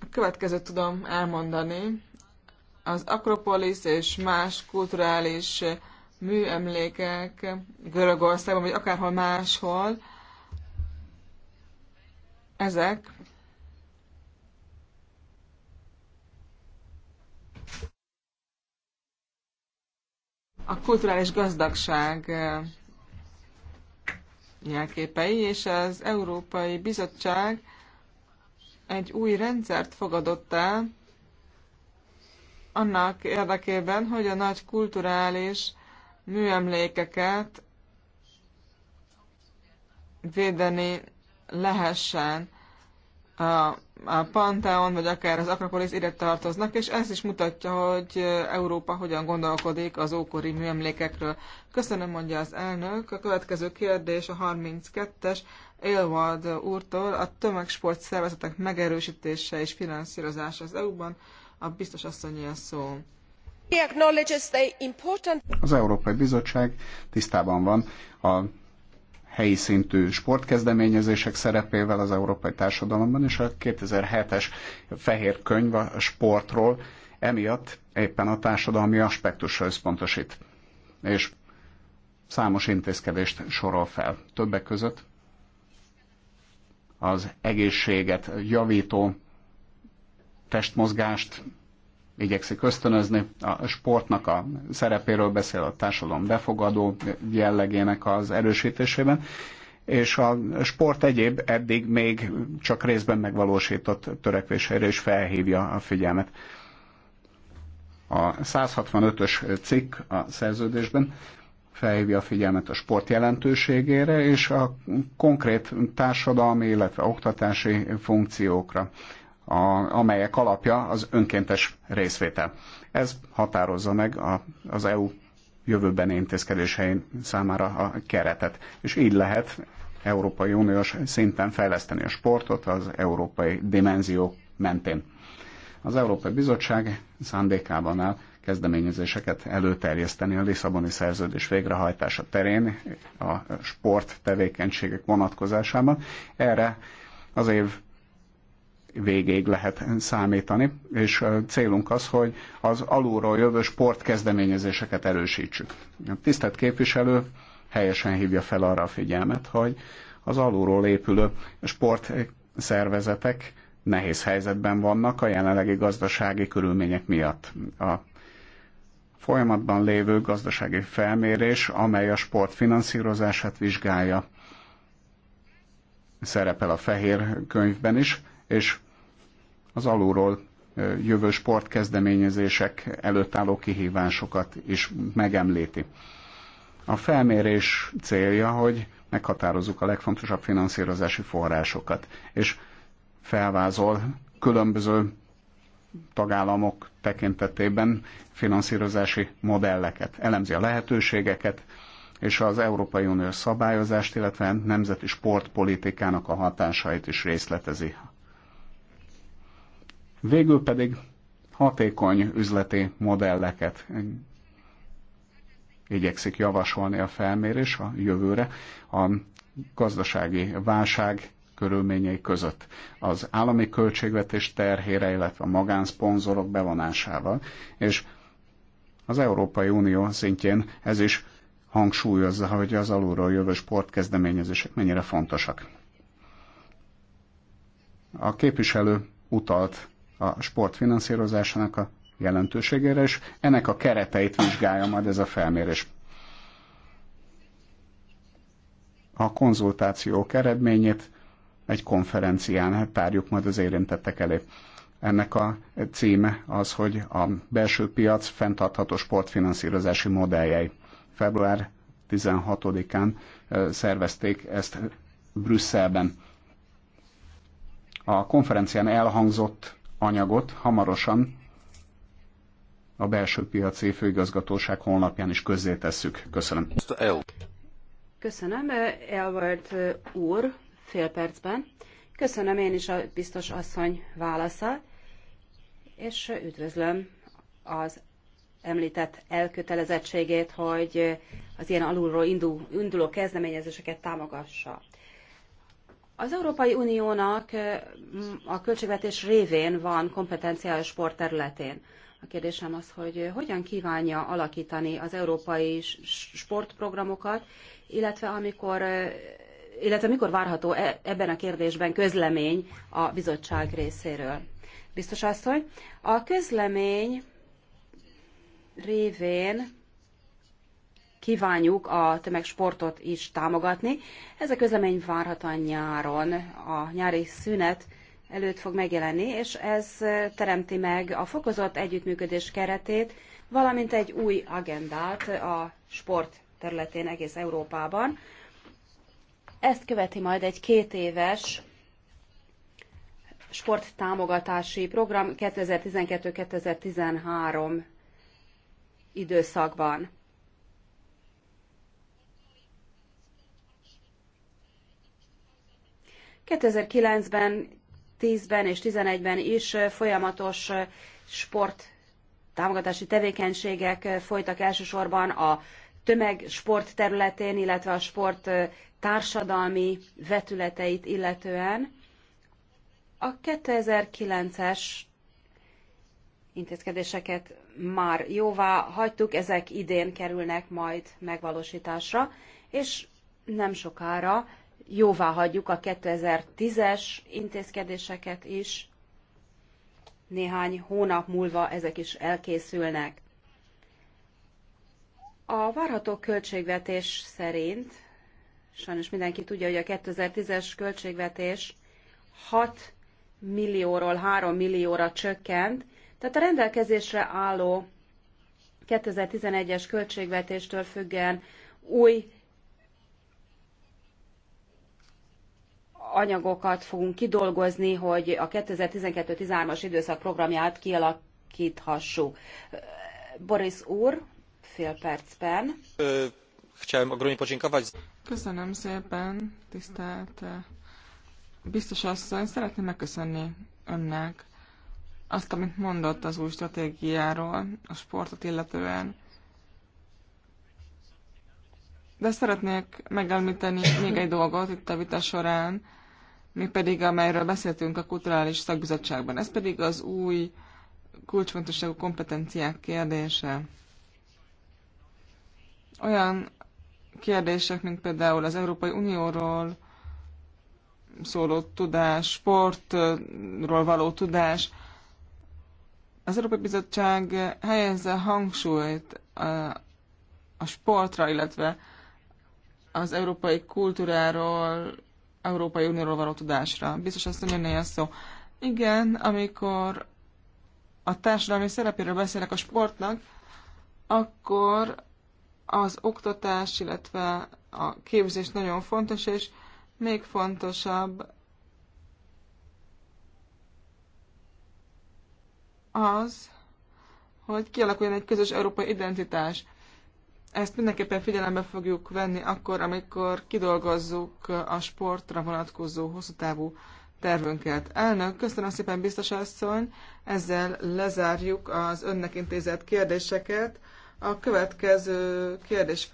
A következőt tudom elmondani. Az Akropolis és más kulturális műemlékek Görögországban, vagy akárhol máshol, ezek a kulturális gazdagság eh, jelképei, és az Európai Bizottság egy új rendszert fogadott el annak érdekében, hogy a nagy kulturális műemlékeket védeni lehessen. A, a Pantheon, vagy akár az Akropolis ide tartoznak, és ez is mutatja, hogy Európa hogyan gondolkodik az ókori műemlékekről. Köszönöm, mondja az elnök. A következő kérdés a 32-es Élvad úrtól a tömegsport szervezetek megerősítése és finanszírozása az EU-ban. A biztos asszonyi a szó. Az Európai Bizottság tisztában van a helyi szintű sportkezdeményezések szerepével az európai társadalomban, és a 2007-es fehér könyv a sportról emiatt éppen a társadalmi aspektusra összpontosít. És számos intézkedést sorol fel. Többek között az egészséget javító testmozgást igyekszik ösztönözni. A sportnak a szerepéről beszél a társadalom befogadó jellegének az erősítésében, és a sport egyéb eddig még csak részben megvalósított törekvésére is felhívja a figyelmet. A 165-ös cikk a szerződésben felhívja a figyelmet a sport jelentőségére és a konkrét társadalmi, illetve oktatási funkciókra a, amelyek alapja az önkéntes részvétel. Ez határozza meg a, az EU jövőbeni intézkedésein számára a keretet. És így lehet Európai Uniós szinten fejleszteni a sportot az európai dimenzió mentén. Az Európai Bizottság szándékában áll kezdeményezéseket előterjeszteni a Lisszaboni szerződés végrehajtása terén a sport tevékenységek vonatkozásában. Erre az év végéig lehet számítani, és célunk az, hogy az alulról jövő sportkezdeményezéseket erősítsük. A tisztelt képviselő helyesen hívja fel arra a figyelmet, hogy az alulról épülő sportszervezetek nehéz helyzetben vannak a jelenlegi gazdasági körülmények miatt. A folyamatban lévő gazdasági felmérés, amely a sport finanszírozását vizsgálja, szerepel a fehér könyvben is, és az alulról jövő sportkezdeményezések előtt álló kihívásokat is megemlíti. A felmérés célja, hogy meghatározzuk a legfontosabb finanszírozási forrásokat, és felvázol különböző tagállamok tekintetében finanszírozási modelleket, elemzi a lehetőségeket, és az Európai Uniós szabályozást, illetve nemzeti sportpolitikának a hatásait is részletezi Végül pedig hatékony üzleti modelleket igyekszik javasolni a felmérés a jövőre a gazdasági válság körülményei között. Az állami költségvetés terhére, illetve a magánszponzorok bevonásával, és az Európai Unió szintjén ez is hangsúlyozza, hogy az alulról jövő sportkezdeményezések mennyire fontosak. A képviselő utalt a sport finanszírozásának a jelentőségére, és ennek a kereteit vizsgálja majd ez a felmérés. A konzultációk eredményét egy konferencián tárjuk majd az érintettek elé. Ennek a címe az, hogy a belső piac fenntartható sportfinanszírozási modelljei. Február 16-án szervezték ezt Brüsszelben. A konferencián elhangzott anyagot hamarosan a belső piaci főigazgatóság honlapján is tesszük. Köszönöm. Köszönöm, Elvart uh, úr, fél percben. Köszönöm én is a biztos asszony válaszát, és üdvözlöm az említett elkötelezettségét, hogy az ilyen alulról induló kezdeményezéseket támogassa. Az Európai Uniónak a költségvetés révén van kompetenciája a sport területén. A kérdésem az, hogy hogyan kívánja alakítani az európai sportprogramokat, illetve amikor illetve mikor várható e, ebben a kérdésben közlemény a bizottság részéről. Biztos asszony, a közlemény révén kívánjuk a tömegsportot is támogatni. Ez a közlemény várhatóan nyáron, a nyári szünet előtt fog megjelenni, és ez teremti meg a fokozott együttműködés keretét, valamint egy új agendát a sport területén egész Európában. Ezt követi majd egy két éves sporttámogatási program 2012-2013 időszakban. 2009-ben, 10-ben és 11-ben is folyamatos sport támogatási tevékenységek folytak elsősorban a tömegsport területén, illetve a sport társadalmi vetületeit illetően. A 2009-es intézkedéseket már jóvá hagytuk, ezek idén kerülnek majd megvalósításra, és nem sokára jóvá hagyjuk a 2010-es intézkedéseket is. Néhány hónap múlva ezek is elkészülnek. A várható költségvetés szerint, sajnos mindenki tudja, hogy a 2010-es költségvetés 6 millióról 3 millióra csökkent, tehát a rendelkezésre álló 2011-es költségvetéstől függően új anyagokat fogunk kidolgozni, hogy a 2012-13-as időszak programját kialakíthassuk. Boris úr, fél percben. podziękować. Köszönöm szépen, tisztelt biztos asszony. Szeretném megköszönni önnek azt, amit mondott az új stratégiáról, a sportot illetően. De szeretnék megelmíteni még egy dolgot itt a vita során mégpedig amelyről beszéltünk a Kulturális Szakbizottságban. Ez pedig az új kulcsfontosságú kompetenciák kérdése. Olyan kérdések, mint például az Európai Unióról szóló tudás, sportról való tudás. Az Európai Bizottság helyezze hangsúlyt a, a sportra, illetve az európai kultúráról Európai Unióról való tudásra. Biztos azt, hogy szó. Igen, amikor a társadalmi szerepéről beszélek a sportnak, akkor az oktatás, illetve a képzés nagyon fontos, és még fontosabb az, hogy kialakuljon egy közös európai identitás. Ezt mindenképpen figyelembe fogjuk venni akkor, amikor kidolgozzuk a sportra vonatkozó hosszú távú tervünket. Elnök, köszönöm szépen, biztos asszony, ezzel lezárjuk az önnek intézett kérdéseket. A következő kérdés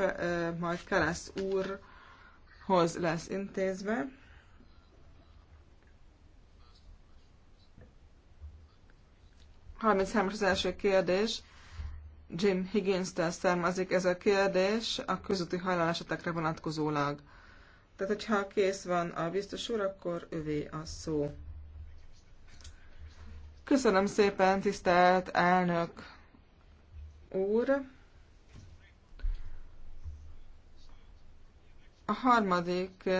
majd Kalász úrhoz lesz intézve. Harminc az első kérdés. Jim Higgins-től származik ez a kérdés a közúti hajlalesetekre vonatkozólag. Tehát, hogyha kész van a biztos úr, akkor övé a szó. Köszönöm szépen, tisztelt elnök úr! A harmadik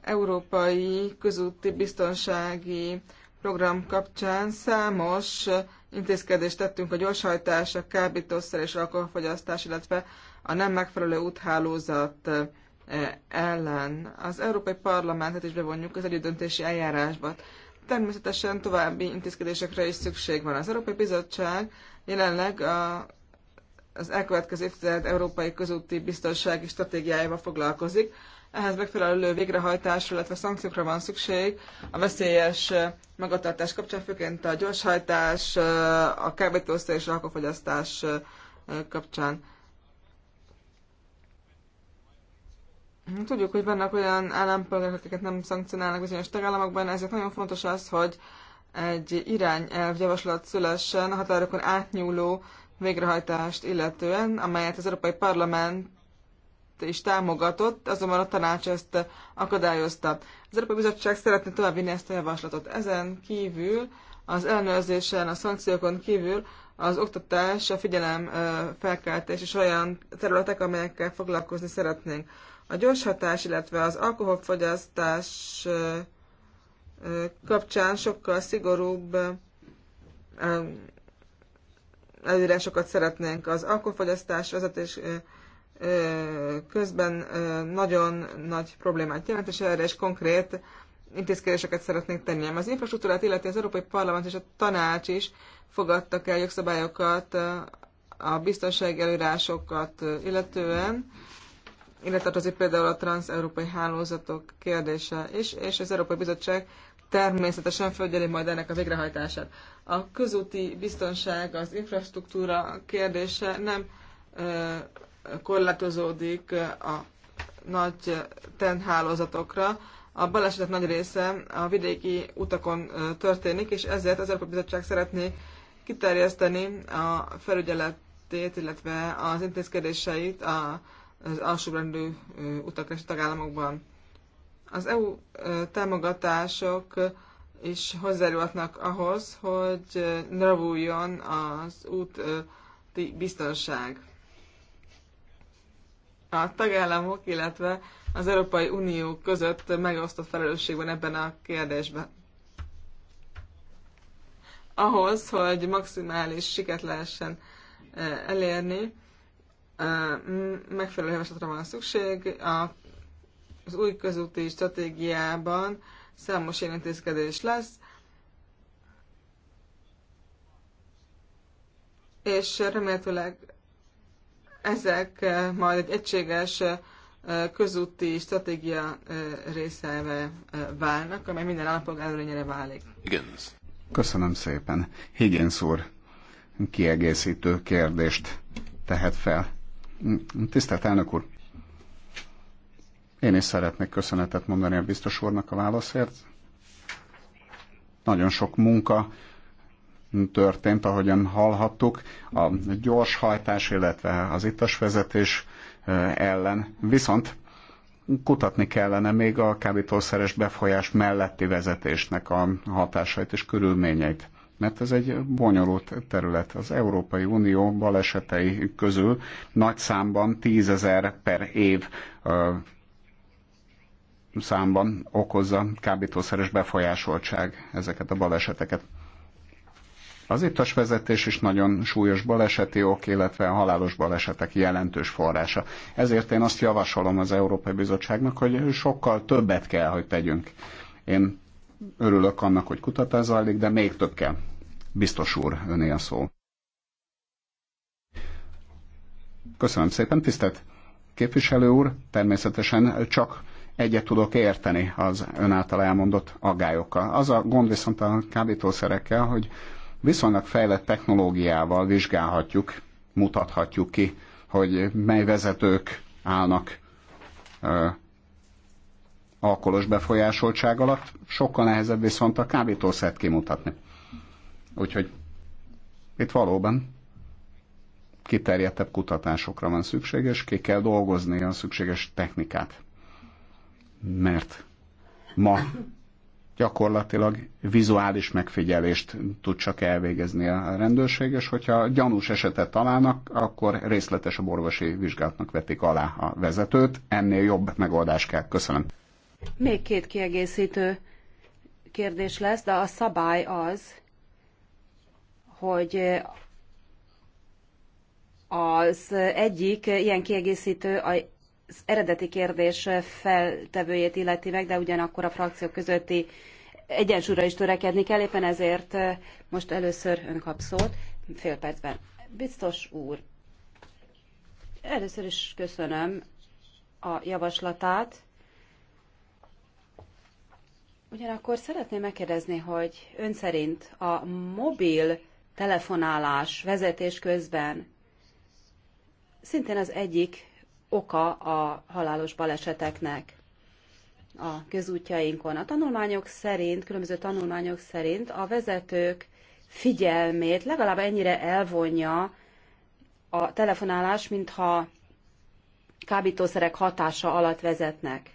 európai közúti biztonsági program kapcsán számos intézkedést tettünk a gyorshajtás, a kábítószer és alkoholfogyasztás, illetve a nem megfelelő úthálózat eh, ellen. Az Európai Parlamentet is bevonjuk az együttdöntési eljárásba. Természetesen további intézkedésekre is szükség van. Az Európai Bizottság jelenleg a az elkövetkező évtized európai közúti biztonsági stratégiájával foglalkozik. Ehhez megfelelő végrehajtásra, illetve szankciókra van szükség a veszélyes eh, magatartás kapcsán, főként a gyorshajtás, eh, a kábítószer és alkoholfogyasztás eh, kapcsán. Tudjuk, hogy vannak olyan állampolgárok, akiket nem szankcionálnak bizonyos tagállamokban, ezért nagyon fontos az, hogy egy irányelv javaslat szülessen a határokon átnyúló végrehajtást illetően, amelyet az Európai Parlament is támogatott, azonban a tanács ezt akadályozta. Az Európai Bizottság szeretné továbbvinni ezt a javaslatot. Ezen kívül az ellenőrzésen, a szankciókon kívül az oktatás, a figyelem felkeltés és olyan területek, amelyekkel foglalkozni szeretnénk. A gyors hatás, illetve az alkoholfogyasztás kapcsán sokkal szigorúbb előírásokat szeretnénk. Az alkoholfogyasztás vezetés közben nagyon nagy problémát jelent, és erre is konkrét intézkedéseket szeretnénk tenni. Az infrastruktúrát illetve az Európai Parlament és a Tanács is fogadtak el jogszabályokat a biztonsági előírásokat illetően, illetve az például a transeurópai hálózatok kérdése is, és az Európai Bizottság természetesen földjeli majd ennek a végrehajtását. A közúti biztonság, az infrastruktúra kérdése nem korlátozódik a nagy tenhálózatokra. A balesetek nagy része a vidéki utakon történik, és ezért az Európai Bizottság szeretné kiterjeszteni a felügyeletét, illetve az intézkedéseit az alsóbrendű utakra és tagállamokban. Az EU támogatások is hozzájárulhatnak ahhoz, hogy ravuljon az út biztonság. A tagállamok, illetve az Európai Unió között megosztott felelősség van ebben a kérdésben. Ahhoz, hogy maximális siket lehessen elérni, megfelelő javaslatra van szükség, a az új közúti stratégiában számos ilyen intézkedés lesz, és remélhetőleg ezek majd egy egységes közúti stratégia részeve válnak, amely minden állampolgár előnyére válik. Higgins. Köszönöm szépen. Higgins úr kiegészítő kérdést tehet fel. Tisztelt elnök úr, én is szeretnék köszönetet mondani a biztos úrnak a válaszért. Nagyon sok munka történt, ahogyan hallhattuk, a hajtás, illetve az vezetés ellen. Viszont kutatni kellene még a kábítószeres befolyás melletti vezetésnek a hatásait és körülményeit. Mert ez egy bonyolult terület. Az Európai Unió balesetei közül nagy számban tízezer per év számban okozza kábítószeres befolyásoltság ezeket a baleseteket. Az ittas vezetés is nagyon súlyos baleseti ok, illetve a halálos balesetek jelentős forrása. Ezért én azt javasolom az Európai Bizottságnak, hogy sokkal többet kell, hogy tegyünk. Én örülök annak, hogy kutatás zajlik, de még több kell. Biztos úr, öné a szó. Köszönöm szépen, tisztelt képviselő úr, természetesen csak egyet tudok érteni az ön által elmondott aggályokkal. Az a gond viszont a kábítószerekkel, hogy viszonylag fejlett technológiával vizsgálhatjuk, mutathatjuk ki, hogy mely vezetők állnak ö, alkoholos befolyásoltság alatt, sokkal nehezebb viszont a kábítószert kimutatni. Úgyhogy itt valóban kiterjedtebb kutatásokra van szükség, és ki kell dolgozni a szükséges technikát mert ma gyakorlatilag vizuális megfigyelést tud csak elvégezni a rendőrség, és hogyha gyanús esetet találnak, akkor részletes a orvosi vizsgálatnak vetik alá a vezetőt. Ennél jobb megoldás kell. Köszönöm. Még két kiegészítő kérdés lesz, de a szabály az, hogy az egyik ilyen kiegészítő a az eredeti kérdés feltevőjét illeti meg, de ugyanakkor a frakciók közötti egyensúlyra is törekedni kell, éppen ezért eh, most először ön kap szót, fél percben. Biztos úr, először is köszönöm a javaslatát. Ugyanakkor szeretném megkérdezni, hogy ön szerint a mobil telefonálás vezetés közben szintén az egyik oka a halálos baleseteknek a közútjainkon. A tanulmányok szerint, különböző tanulmányok szerint a vezetők figyelmét legalább ennyire elvonja a telefonálás, mintha kábítószerek hatása alatt vezetnek.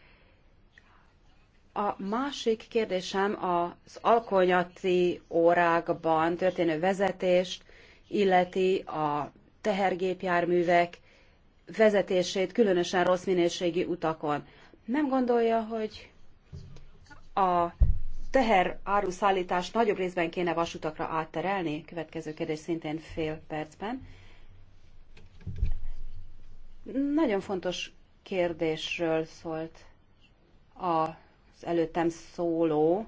A másik kérdésem az alkonyati órákban történő vezetést illeti a tehergépjárművek vezetését, különösen rossz minőségi utakon. Nem gondolja, hogy a teher áruszállítást nagyobb részben kéne vasutakra átterelni? Következő kérdés szintén fél percben. Nagyon fontos kérdésről szólt az előttem szóló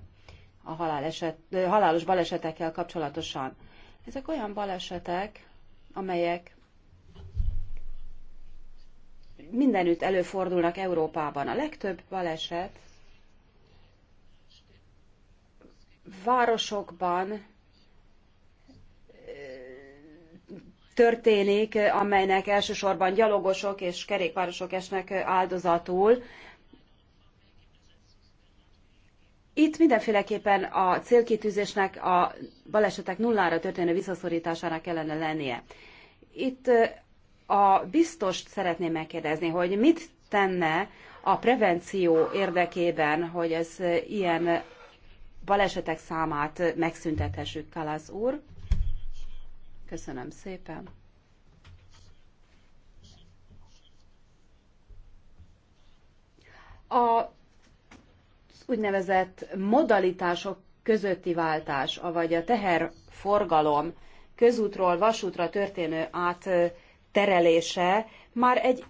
a haláleset, halálos balesetekkel kapcsolatosan. Ezek olyan balesetek, amelyek mindenütt előfordulnak Európában. A legtöbb baleset városokban eh, történik, amelynek elsősorban gyalogosok és kerékpárosok esnek áldozatul. Itt mindenféleképpen a célkitűzésnek a balesetek nullára történő visszaszorításának kellene lennie. Itt eh, a biztost szeretném megkérdezni, hogy mit tenne a prevenció érdekében, hogy ez ilyen balesetek számát megszüntethessük, Kalász úr. Köszönöm szépen. A úgynevezett modalitások közötti váltás, avagy a teherforgalom közútról vasútra történő át terelése már egy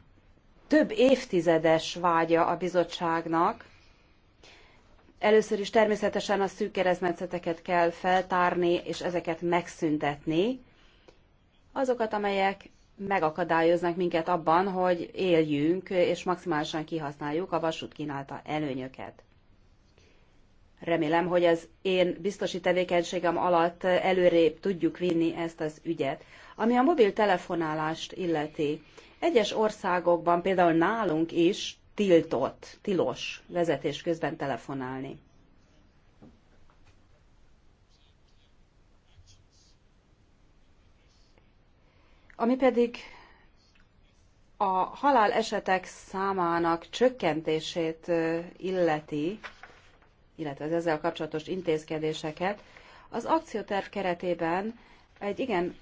több évtizedes vágya a bizottságnak. Először is természetesen a szűk keresztmetszeteket kell feltárni, és ezeket megszüntetni. Azokat, amelyek megakadályoznak minket abban, hogy éljünk és maximálisan kihasználjuk a vasút kínálta előnyöket. Remélem, hogy az én biztosi tevékenységem alatt előrébb tudjuk vinni ezt az ügyet. Ami a mobil telefonálást illeti, egyes országokban, például nálunk is tiltott, tilos vezetés közben telefonálni. Ami pedig a halál esetek számának csökkentését illeti, illetve az ezzel kapcsolatos intézkedéseket, az akcióterv keretében egy igen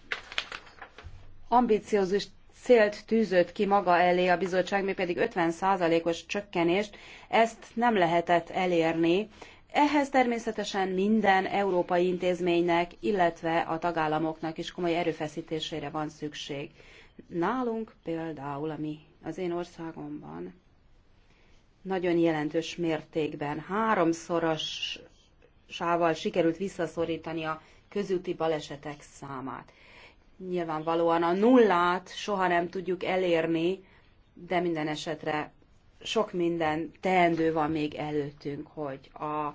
ambiciózus célt tűzött ki maga elé a bizottság, mégpedig 50%-os csökkenést, ezt nem lehetett elérni. Ehhez természetesen minden európai intézménynek, illetve a tagállamoknak is komoly erőfeszítésére van szükség. Nálunk például, ami az én országomban nagyon jelentős mértékben háromszorosával sikerült visszaszorítani a közúti balesetek számát. Nyilvánvalóan a nullát soha nem tudjuk elérni, de minden esetre sok minden teendő van még előttünk, hogy a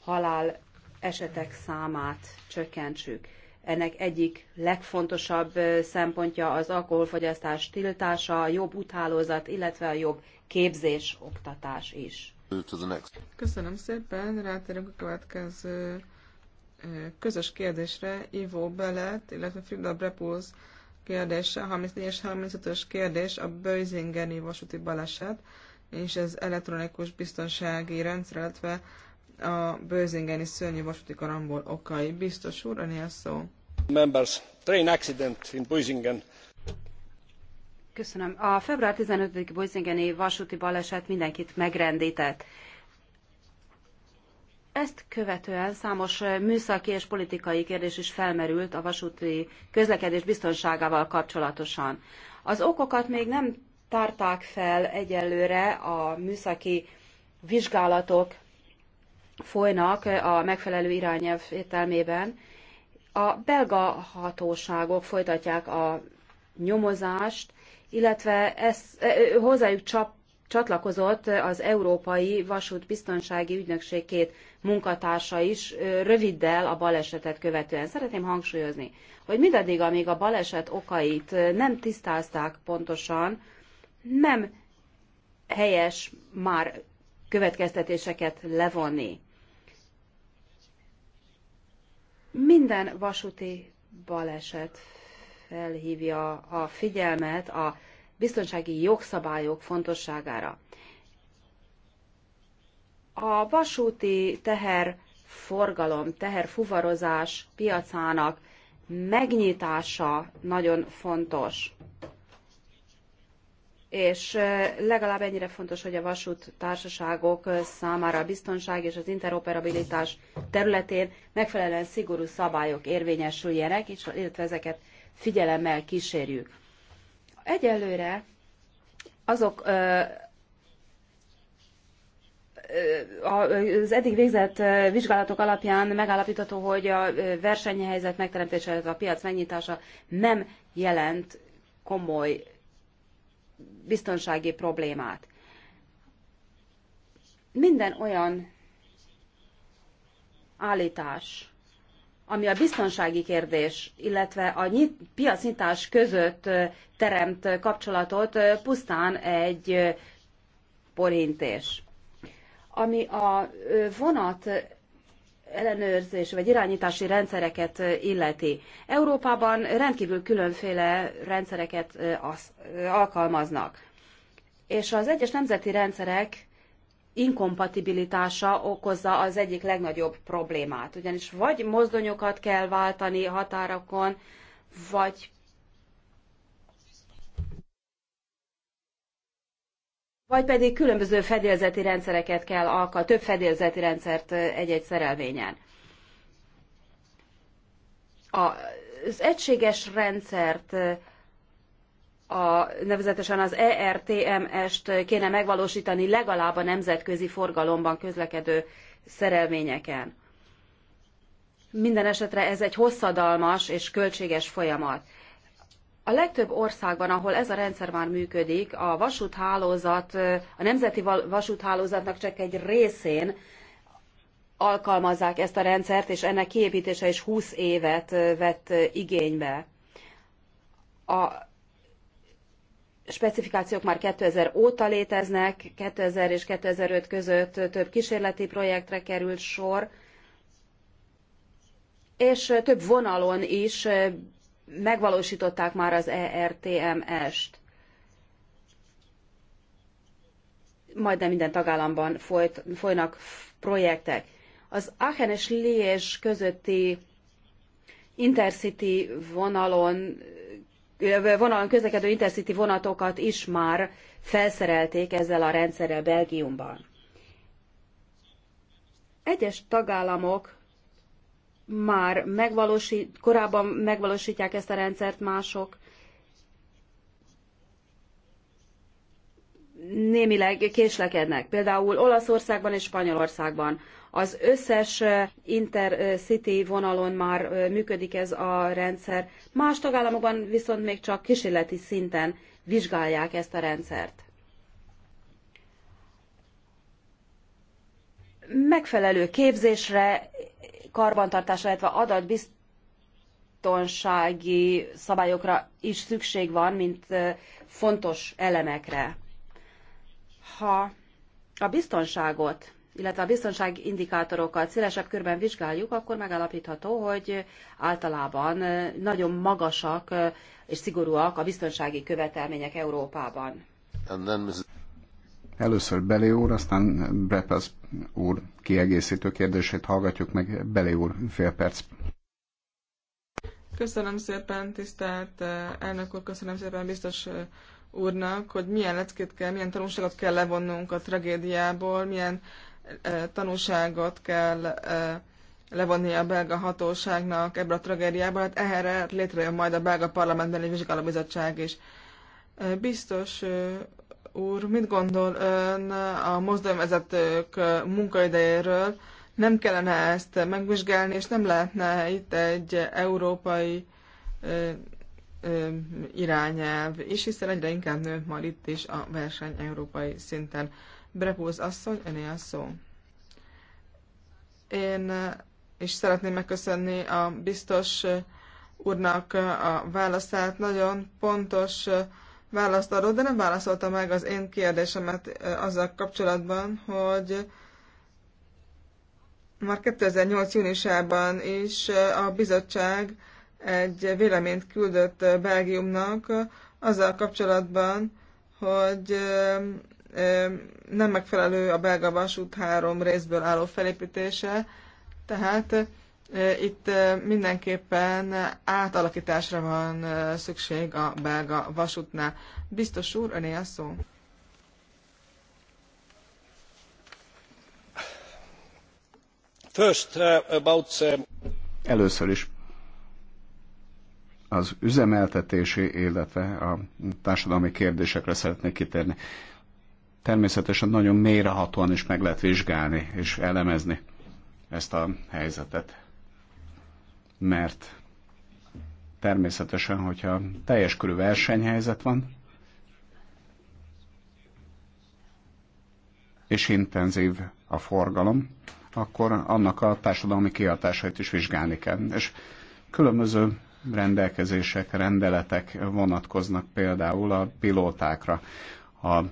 halál esetek számát csökkentsük. Ennek egyik legfontosabb szempontja az alkoholfogyasztás tiltása, a jobb utálózat, illetve a jobb képzés, oktatás is. Köszönöm szépen, rátérünk a következő közös kérdésre Ivo Belet, illetve Frida Brepulz kérdése, a 34-es 35-ös kérdés a Böjzingeni vasúti baleset, és ez elektronikus biztonsági rendszer, illetve a Böjzingeni szörnyű vasúti karambol okai. Biztos úr, önél szó. Members, train accident in Böjzingen. Köszönöm. A február 15-i Böjzingeni vasúti baleset mindenkit megrendített. Ezt követően számos műszaki és politikai kérdés is felmerült a vasúti közlekedés biztonságával kapcsolatosan. Az okokat még nem tárták fel egyelőre, a műszaki vizsgálatok folynak a megfelelő irányelv értelmében. A belga hatóságok folytatják a nyomozást, illetve ez, hozzájuk csap, csatlakozott az Európai Vasút Biztonsági Ügynökség két munkatársa is röviddel a balesetet követően. Szeretném hangsúlyozni, hogy mindaddig, amíg a baleset okait nem tisztázták pontosan, nem helyes már következtetéseket levonni. Minden vasúti baleset felhívja a figyelmet a biztonsági jogszabályok fontosságára. A vasúti teherforgalom, teherfuvarozás piacának megnyitása nagyon fontos. És legalább ennyire fontos, hogy a vasút társaságok számára a biztonság és az interoperabilitás területén megfelelően szigorú szabályok érvényesüljenek, illetve ezeket figyelemmel kísérjük. Egyelőre azok az eddig végzett vizsgálatok alapján megállapítható, hogy a versenyhelyzet megteremtése, illetve a piac megnyitása nem jelent komoly biztonsági problémát. Minden olyan állítás, ami a biztonsági kérdés, illetve a nyit, piacnyitás között teremt kapcsolatot, pusztán egy porintés. Ami a vonat ellenőrzés vagy irányítási rendszereket illeti. Európában rendkívül különféle rendszereket alkalmaznak. És az egyes nemzeti rendszerek inkompatibilitása okozza az egyik legnagyobb problémát. Ugyanis vagy mozdonyokat kell váltani határokon, vagy vagy pedig különböző fedélzeti rendszereket kell alkalmazni, több fedélzeti rendszert egy-egy szerelvényen. A, az egységes rendszert a, nevezetesen az ERTMS-t kéne megvalósítani legalább a nemzetközi forgalomban közlekedő szerelvényeken. Minden esetre ez egy hosszadalmas és költséges folyamat. A legtöbb országban, ahol ez a rendszer már működik, a vasúthálózat, a nemzeti vasúthálózatnak csak egy részén alkalmazzák ezt a rendszert, és ennek kiépítése is 20 évet vett igénybe. A specifikációk már 2000 óta léteznek, 2000 és 2005 között több kísérleti projektre került sor, és több vonalon is megvalósították már az ERTMS-t. Majdnem minden tagállamban folyt, folynak projektek. Az Aachen és Liège közötti Intercity vonalon vonalon közlekedő intercity vonatokat is már felszerelték ezzel a rendszerrel Belgiumban. Egyes tagállamok már megvalósít, korábban megvalósítják ezt a rendszert, mások némileg késlekednek. Például Olaszországban és Spanyolországban az összes intercity vonalon már működik ez a rendszer, más tagállamokban viszont még csak kísérleti szinten vizsgálják ezt a rendszert. Megfelelő képzésre, karbantartásra, illetve adatbiztonsági szabályokra is szükség van, mint fontos elemekre. Ha a biztonságot illetve a biztonsági indikátorokat szélesebb körben vizsgáljuk, akkor megállapítható, hogy általában nagyon magasak és szigorúak a biztonsági követelmények Európában. Először Belé úr, aztán Brepez úr kiegészítő kérdését hallgatjuk meg. Belé úr, fél perc. Köszönöm szépen, tisztelt eh, elnök úr, köszönöm szépen biztos eh, úrnak, hogy milyen leckét kell, milyen tanulságot kell levonnunk a tragédiából, milyen uh, tanúságot kell levonni a belga hatóságnak ebből a tragédiából, hát erre létrejön majd a belga parlamentben egy vizsgálóbizottság is. Biztos úr, mit gondol ön a mozdonyvezetők munkaidejéről? Nem kellene ezt megvizsgálni, és nem lehetne itt egy európai irányelv is, hiszen egyre inkább nő majd itt is a verseny európai szinten. Brepóz asszony, öné a szó. Én is szeretném megköszönni a biztos úrnak a válaszát. Nagyon pontos választ adott, de nem válaszolta meg az én kérdésemet azzal kapcsolatban, hogy már 2008. júniusában is a bizottság egy véleményt küldött Belgiumnak azzal kapcsolatban, hogy nem megfelelő a belga vasút három részből álló felépítése, tehát itt mindenképpen átalakításra van szükség a belga vasútnál. Biztos úr, öné a szó. First, uh, about... Először is az üzemeltetési, illetve a társadalmi kérdésekre szeretnék kitérni természetesen nagyon mélyrehatóan is meg lehet vizsgálni és elemezni ezt a helyzetet. Mert természetesen, hogyha teljes körű versenyhelyzet van, és intenzív a forgalom, akkor annak a társadalmi kihatásait is vizsgálni kell. És különböző rendelkezések, rendeletek vonatkoznak például a pilótákra, a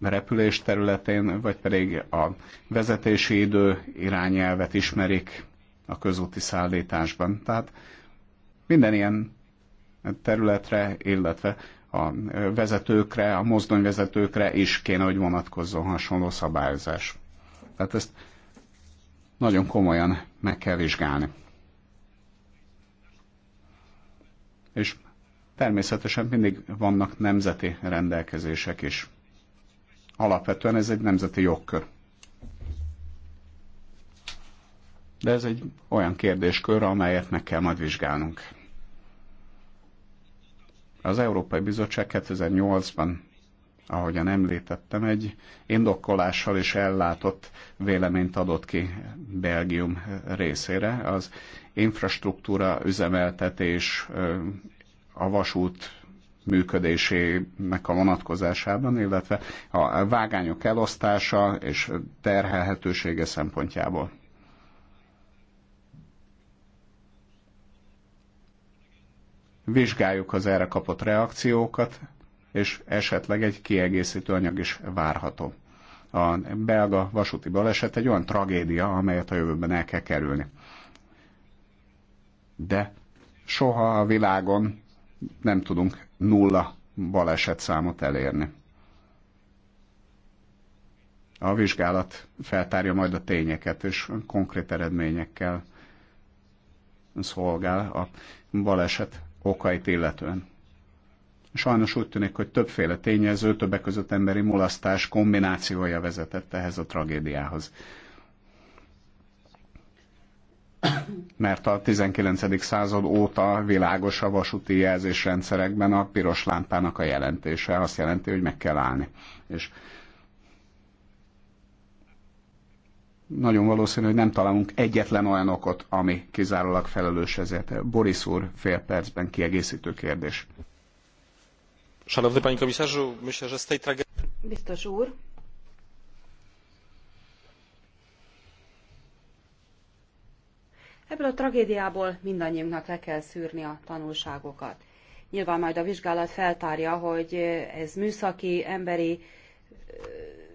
repülés területén, vagy pedig a vezetési idő irányelvet ismerik a közúti szállításban. Tehát minden ilyen területre, illetve a vezetőkre, a mozdonyvezetőkre is kéne, hogy vonatkozzon hasonló szabályozás. Tehát ezt nagyon komolyan meg kell vizsgálni. És természetesen mindig vannak nemzeti rendelkezések is. Alapvetően ez egy nemzeti jogkör. De ez egy olyan kérdéskör, amelyet meg kell majd vizsgálnunk. Az Európai Bizottság 2008-ban, ahogyan említettem, egy indokkolással is ellátott véleményt adott ki Belgium részére. Az infrastruktúra üzemeltetés, a vasút működésének a vonatkozásában, illetve a vágányok elosztása és terhelhetősége szempontjából. Vizsgáljuk az erre kapott reakciókat, és esetleg egy kiegészítő anyag is várható. A belga vasúti baleset egy olyan tragédia, amelyet a jövőben el kell kerülni. De soha a világon nem tudunk nulla baleset számot elérni. A vizsgálat feltárja majd a tényeket, és konkrét eredményekkel szolgál a baleset okait illetően. Sajnos úgy tűnik, hogy többféle tényező, többek között emberi mulasztás kombinációja vezetett ehhez a tragédiához mert a 19. század óta világos a vasúti jelzésrendszerekben a piros lámpának a jelentése. Azt jelenti, hogy meg kell állni. És nagyon valószínű, hogy nem találunk egyetlen olyan okot, ami kizárólag felelős ezért. Boris úr, fél percben kiegészítő kérdés. Szanowny panie komisarzu, myślę, że z tej tragedii... Biztos úr, Ebből a tragédiából mindannyiunknak le kell szűrni a tanulságokat. Nyilván majd a vizsgálat feltárja, hogy ez műszaki, emberi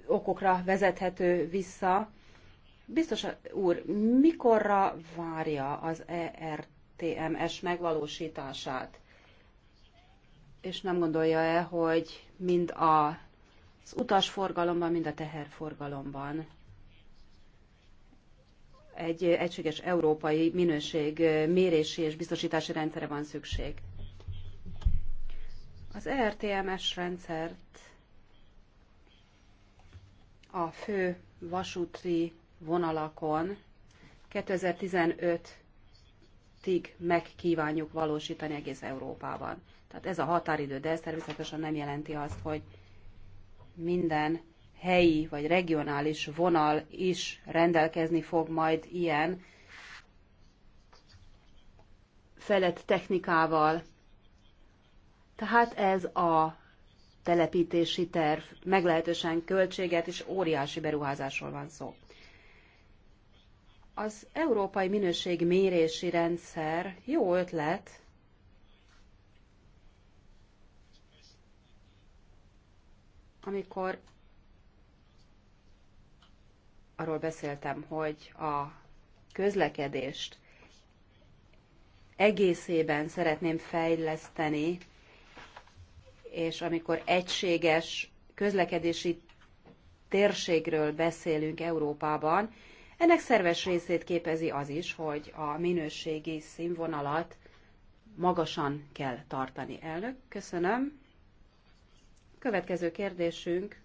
okokra vezethető vissza. Biztos úr, mikorra várja az ERTMS megvalósítását? És nem gondolja-e, hogy mind az utasforgalomban, mind a teherforgalomban egy egységes európai minőség mérési és biztosítási rendszere van szükség. Az ERTMS rendszert a fő vasúti vonalakon 2015-ig megkívánjuk valósítani egész Európában. Tehát ez a határidő, de ez természetesen nem jelenti azt, hogy minden helyi vagy regionális vonal is rendelkezni fog majd ilyen felett technikával. Tehát ez a telepítési terv meglehetősen költséget és óriási beruházásról van szó. Az európai minőség mérési rendszer jó ötlet, amikor arról beszéltem, hogy a közlekedést egészében szeretném fejleszteni, és amikor egységes közlekedési térségről beszélünk Európában, ennek szerves részét képezi az is, hogy a minőségi színvonalat magasan kell tartani. Elnök, köszönöm. Következő kérdésünk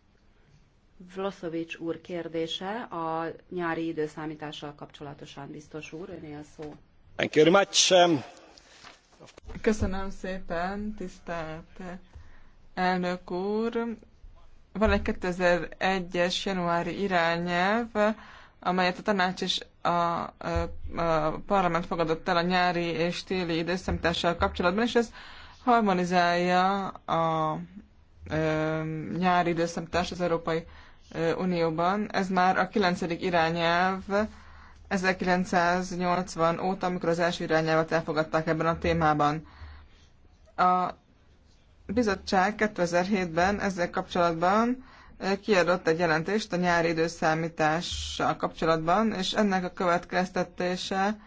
Vlaszovics úr kérdése a nyári időszámítással kapcsolatosan, biztos úr, öné a szó. Thank you very much. Um, Köszönöm szépen, tisztelt elnök úr. Van egy 2001-es januári irányelv, amelyet a tanács és a, a, a parlament fogadott el a nyári és téli időszámítással kapcsolatban, és ez harmonizálja a, a nyári időszámítást az európai Unióban. Ez már a kilencedik irányelv 1980 óta, amikor az első irányelvet elfogadták ebben a témában. A bizottság 2007-ben ezzel kapcsolatban kiadott egy jelentést a nyári időszámítással kapcsolatban, és ennek a következtetése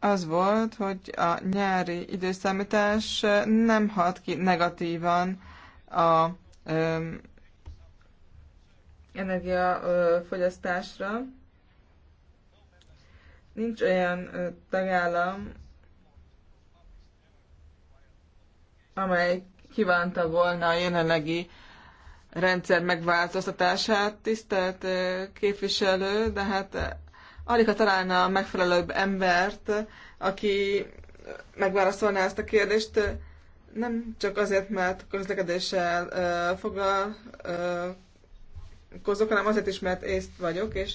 az volt, hogy a nyári időszámítás nem hat ki negatívan a energiafogyasztásra. Nincs olyan tagállam, amely kívánta volna a jelenlegi rendszer megváltoztatását, tisztelt képviselő, de hát alig ha találna a megfelelőbb embert, aki megválaszolná ezt a kérdést, nem csak azért, mert közlekedéssel foglalkozik, nyilatkozok, hanem azért is, mert észt vagyok, és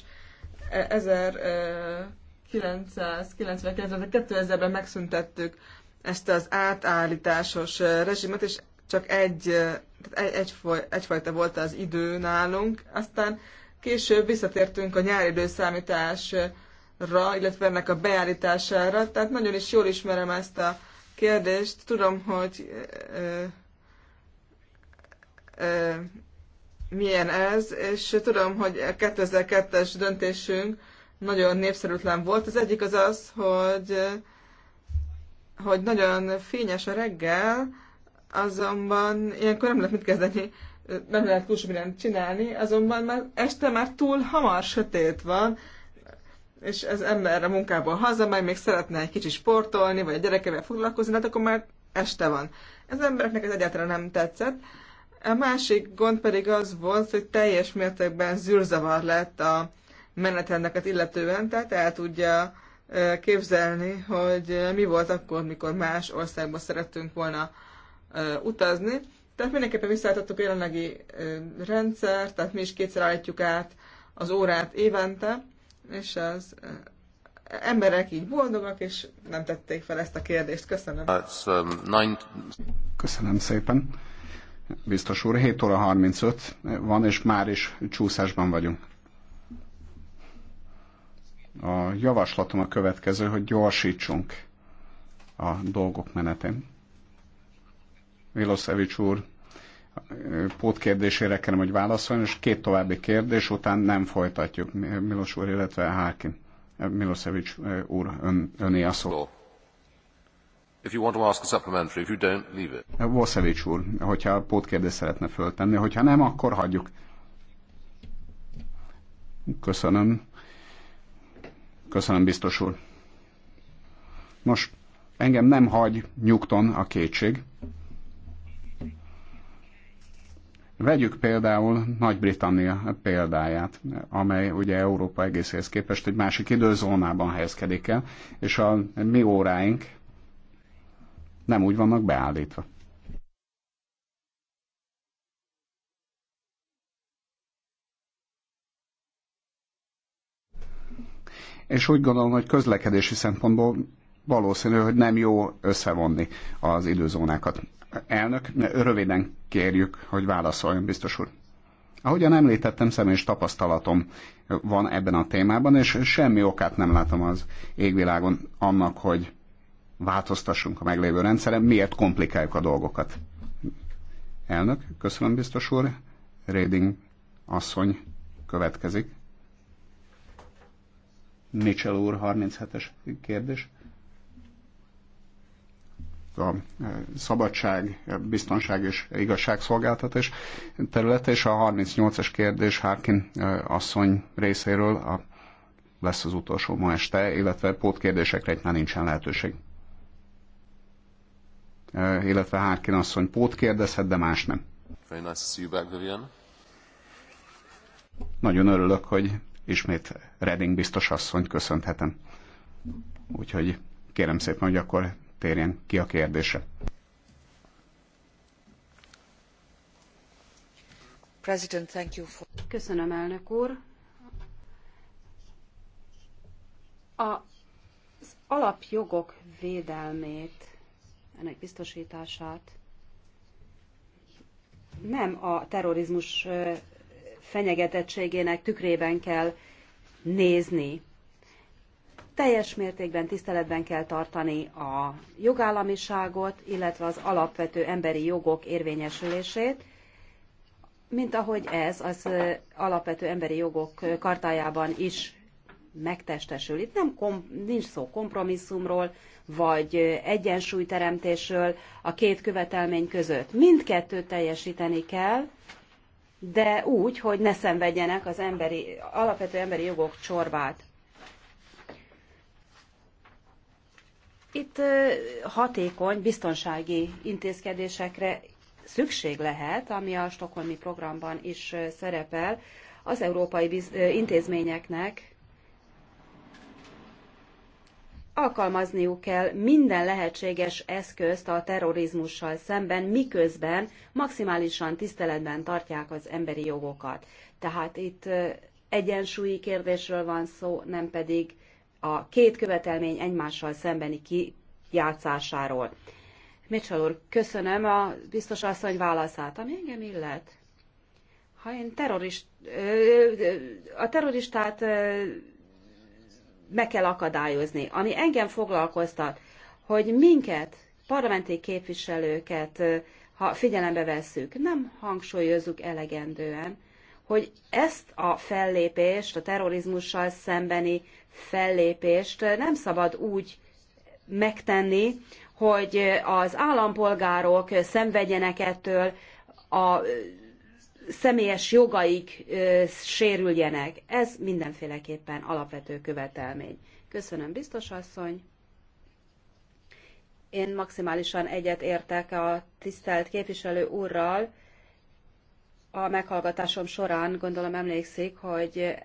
1999-ben, e, e, 2000-ben megszüntettük ezt az átállításos e, rezsimet, és csak egy, tehát egy, egy, egyfajta volt az idő nálunk. Aztán később visszatértünk a nyári időszámításra, illetve ennek a beállítására, tehát nagyon is jól ismerem ezt a kérdést. Tudom, hogy ö, ö, milyen ez, és tudom, hogy a 2002-es döntésünk nagyon népszerűtlen volt. Az egyik az az, hogy, hogy nagyon fényes a reggel, azonban ilyenkor nem lehet mit kezdeni, nem lehet túl sok mindent csinálni, azonban már este már túl hamar sötét van, és ez ember a munkából hazamegy, még szeretne egy kicsit sportolni, vagy a gyerekevel foglalkozni, de hát akkor már este van. Ez embereknek ez egyáltalán nem tetszett, a másik gond pedig az volt, hogy teljes mértékben zűrzavar lett a menetrendeket illetően, tehát el tudja képzelni, hogy mi volt akkor, mikor más országba szerettünk volna utazni. Tehát mindenképpen visszaálltottuk a jelenlegi rendszer, tehát mi is kétszer állítjuk át az órát évente, és az emberek így boldogak, és nem tették fel ezt a kérdést. Köszönöm. Um, Köszönöm szépen biztos úr. 7 óra 35 van, és már is csúszásban vagyunk. A javaslatom a következő, hogy gyorsítsunk a dolgok menetén. Milosevic úr pótkérdésére kérem, hogy válaszoljon, és két további kérdés után nem folytatjuk. Milos úr, illetve Hákin. Milosevic úr, ön, öné a szó. If you want to ask a supplementary, if you don't, leave it. Eh, úr, hogyha pótkérdést szeretne föltenni, hogyha nem, akkor hagyjuk. Köszönöm. Köszönöm, biztos úr. Nos, engem nem hagy nyugton a kétség. Vegyük például Nagy-Britannia példáját, amely ugye Európa egészéhez képest egy másik időzónában helyezkedik el, és a mi óráink nem úgy vannak beállítva. És úgy gondolom, hogy közlekedési szempontból valószínű, hogy nem jó összevonni az időzónákat. Elnök, röviden kérjük, hogy válaszoljon, biztos úr. Ahogyan említettem, személyes tapasztalatom van ebben a témában, és semmi okát nem látom az égvilágon annak, hogy változtassunk a meglévő rendszeren, miért komplikáljuk a dolgokat. Elnök, köszönöm biztos úr. Reding asszony következik. Mitchell úr, 37-es kérdés. A eh, szabadság, biztonság és igazságszolgáltatás területe, és a 38-es kérdés Harkin eh, asszony részéről a, lesz az utolsó ma este, illetve pótkérdésekre itt már nincsen lehetőség. Eh, illetve Hárkin asszony pót kérdezhet, de más nem. Very nice to see you back, Vivian. Nagyon örülök, hogy ismét Redding biztos asszonyt köszönhetem. Úgyhogy kérem szépen, hogy akkor térjen ki a kérdése. President, thank you for... Köszönöm, elnök úr. A, az alapjogok védelmét ennek biztosítását nem a terrorizmus fenyegetettségének tükrében kell nézni. Teljes mértékben tiszteletben kell tartani a jogállamiságot, illetve az alapvető emberi jogok érvényesülését, mint ahogy ez az alapvető emberi jogok kartájában is megtestesül. Itt nem kom, nincs szó kompromisszumról, vagy egyensúlyteremtésről a két követelmény között. Mindkettőt teljesíteni kell, de úgy, hogy ne szenvedjenek az emberi, alapvető emberi jogok csorbát. Itt hatékony biztonsági intézkedésekre szükség lehet, ami a stokholmi programban is szerepel, az európai intézményeknek alkalmazniuk kell minden lehetséges eszközt a terrorizmussal szemben, miközben maximálisan tiszteletben tartják az emberi jogokat. Tehát itt egyensúlyi kérdésről van szó, nem pedig a két követelmény egymással szembeni kijátszásáról. Mitchell úr, köszönöm a biztos asszony válaszát, ami engem illet. Ha én terrorist, a terroristát meg kell akadályozni. Ami engem foglalkoztat, hogy minket, parlamenti képviselőket, ha figyelembe vesszük, nem hangsúlyozzuk elegendően, hogy ezt a fellépést, a terrorizmussal szembeni fellépést nem szabad úgy megtenni, hogy az állampolgárok szenvedjenek ettől, a személyes jogaik sérüljenek. Ez mindenféleképpen alapvető követelmény. Köszönöm, biztos asszony. Én maximálisan egyet értek a tisztelt képviselő úrral. A meghallgatásom során gondolom emlékszik, hogy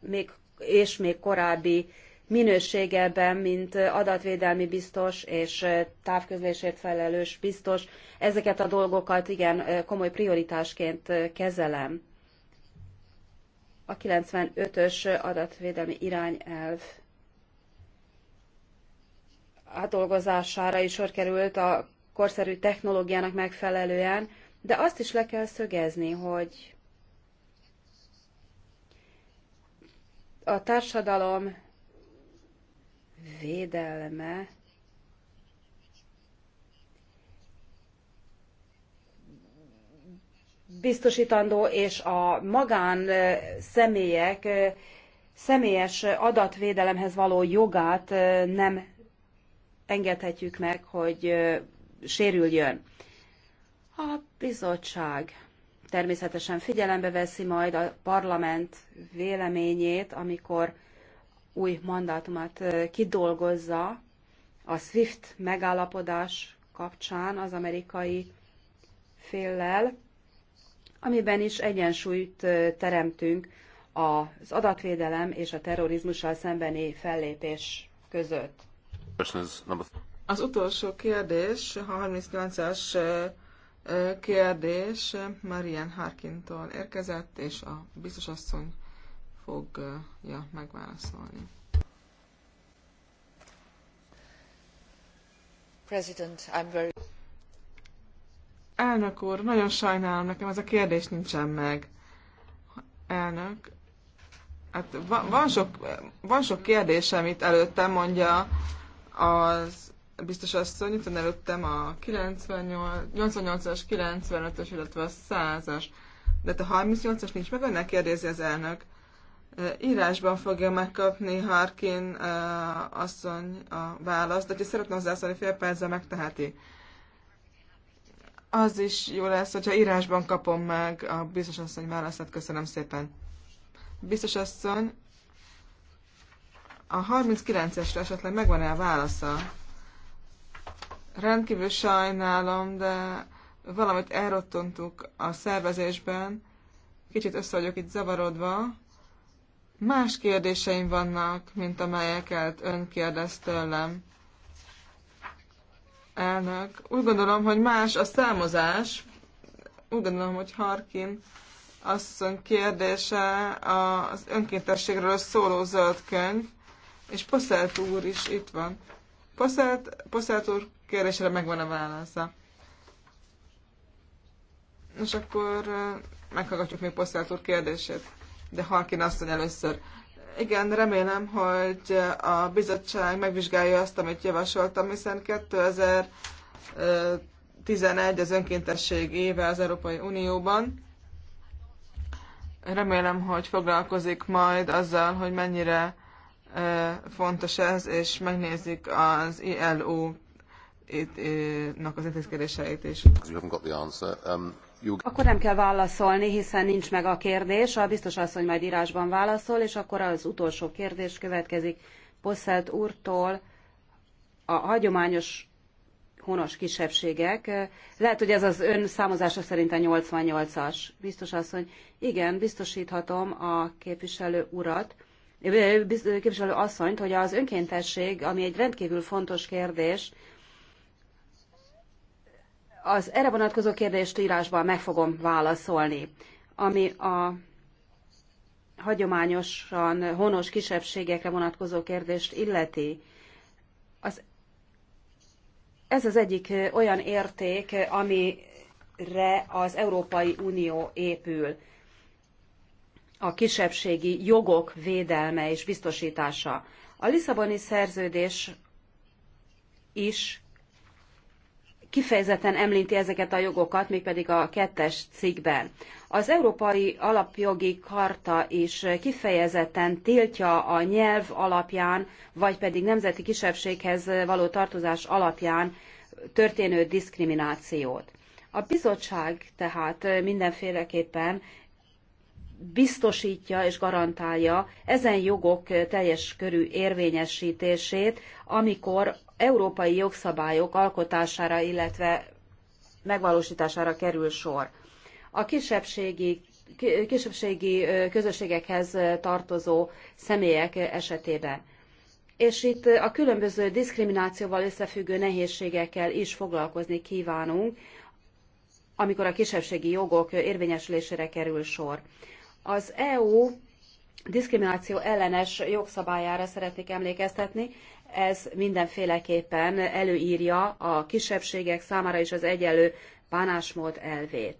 még, és még korábbi minőségeben, mint adatvédelmi biztos és távközlésért felelős biztos. Ezeket a dolgokat igen komoly prioritásként kezelem. A 95-ös adatvédelmi irányelv átdolgozására is sor került a korszerű technológiának megfelelően, de azt is le kell szögezni, hogy a társadalom védelme biztosítandó, és a magán személyek személyes adatvédelemhez való jogát nem engedhetjük meg, hogy sérüljön. A bizottság természetesen figyelembe veszi majd a parlament véleményét, amikor új mandátumát kidolgozza a SWIFT megállapodás kapcsán az amerikai féllel, amiben is egyensúlyt teremtünk az adatvédelem és a terrorizmussal szembeni fellépés között. Az utolsó kérdés, a 39-es kérdés Marian Harkintól érkezett, és a biztosasszony fogja megválaszolni. President, I'm very... Elnök úr, nagyon sajnálom, nekem ez a kérdés nincsen meg. Elnök, hát van van, sok, van sok kérdésem itt előttem, mondja az biztos asszony, itt van előttem a 88-as, 95-ös, illetve a 100-as. De hát a 38-as nincs meg, önnek kérdezi az elnök írásban fogja megkapni Harkin asszony a választ, de ha szeretne hozzászólni fél perccel, megteheti. Az is jó lesz, hogyha írásban kapom meg a biztos asszony választ Köszönöm szépen. Biztos asszony, a 39-esre esetleg megvan-e a válasza? Rendkívül sajnálom, de valamit elrottontuk a szervezésben. Kicsit össze vagyok itt zavarodva Más kérdéseim vannak, mint amelyeket ön kérdez tőlem. Elnök, úgy gondolom, hogy más a számozás. Úgy gondolom, hogy Harkin asszony kérdése az önkéntességről szóló zöld könyv, és Poszelt úr is itt van. Poszelt, Poszelt úr kérdésére megvan a válasza. És akkor eh, meghallgatjuk még Poszelt úr kérdését de Harkin asszony először. Igen, remélem, hogy a bizottság megvizsgálja azt, amit javasoltam, hiszen 2011 az önkéntesség éve az Európai Unióban. Remélem, hogy foglalkozik majd azzal, hogy mennyire fontos ez, és megnézik az ILO-nak az intézkedéseit is. You haven't got the answer. Um... Akkor nem kell válaszolni, hiszen nincs meg a kérdés. A biztos asszony majd írásban válaszol, és akkor az utolsó kérdés következik Posselt úrtól. A hagyományos honos kisebbségek. Lehet, hogy ez az ön számozása szerint a 88-as. Biztos asszony, igen, biztosíthatom a képviselő urat, képviselő asszonyt, hogy az önkéntesség, ami egy rendkívül fontos kérdés, az erre vonatkozó kérdést írásban meg fogom válaszolni. Ami a hagyományosan honos kisebbségekre vonatkozó kérdést illeti, az, ez az egyik olyan érték, amire az Európai Unió épül. A kisebbségi jogok védelme és biztosítása. A Lisszaboni szerződés is kifejezetten említi ezeket a jogokat, mégpedig a kettes cikkben. Az Európai Alapjogi Karta is kifejezetten tiltja a nyelv alapján, vagy pedig nemzeti kisebbséghez való tartozás alapján történő diszkriminációt. A bizottság tehát mindenféleképpen biztosítja és garantálja ezen jogok teljes körű érvényesítését, amikor európai jogszabályok alkotására, illetve megvalósítására kerül sor. A kisebbségi, kisebbségi közösségekhez tartozó személyek esetében. És itt a különböző diszkriminációval összefüggő nehézségekkel is foglalkozni kívánunk, amikor a kisebbségi jogok érvényesülésére kerül sor. Az EU diszkrimináció ellenes jogszabályára szeretnék emlékeztetni. Ez mindenféleképpen előírja a kisebbségek számára is az egyenlő bánásmód elvét.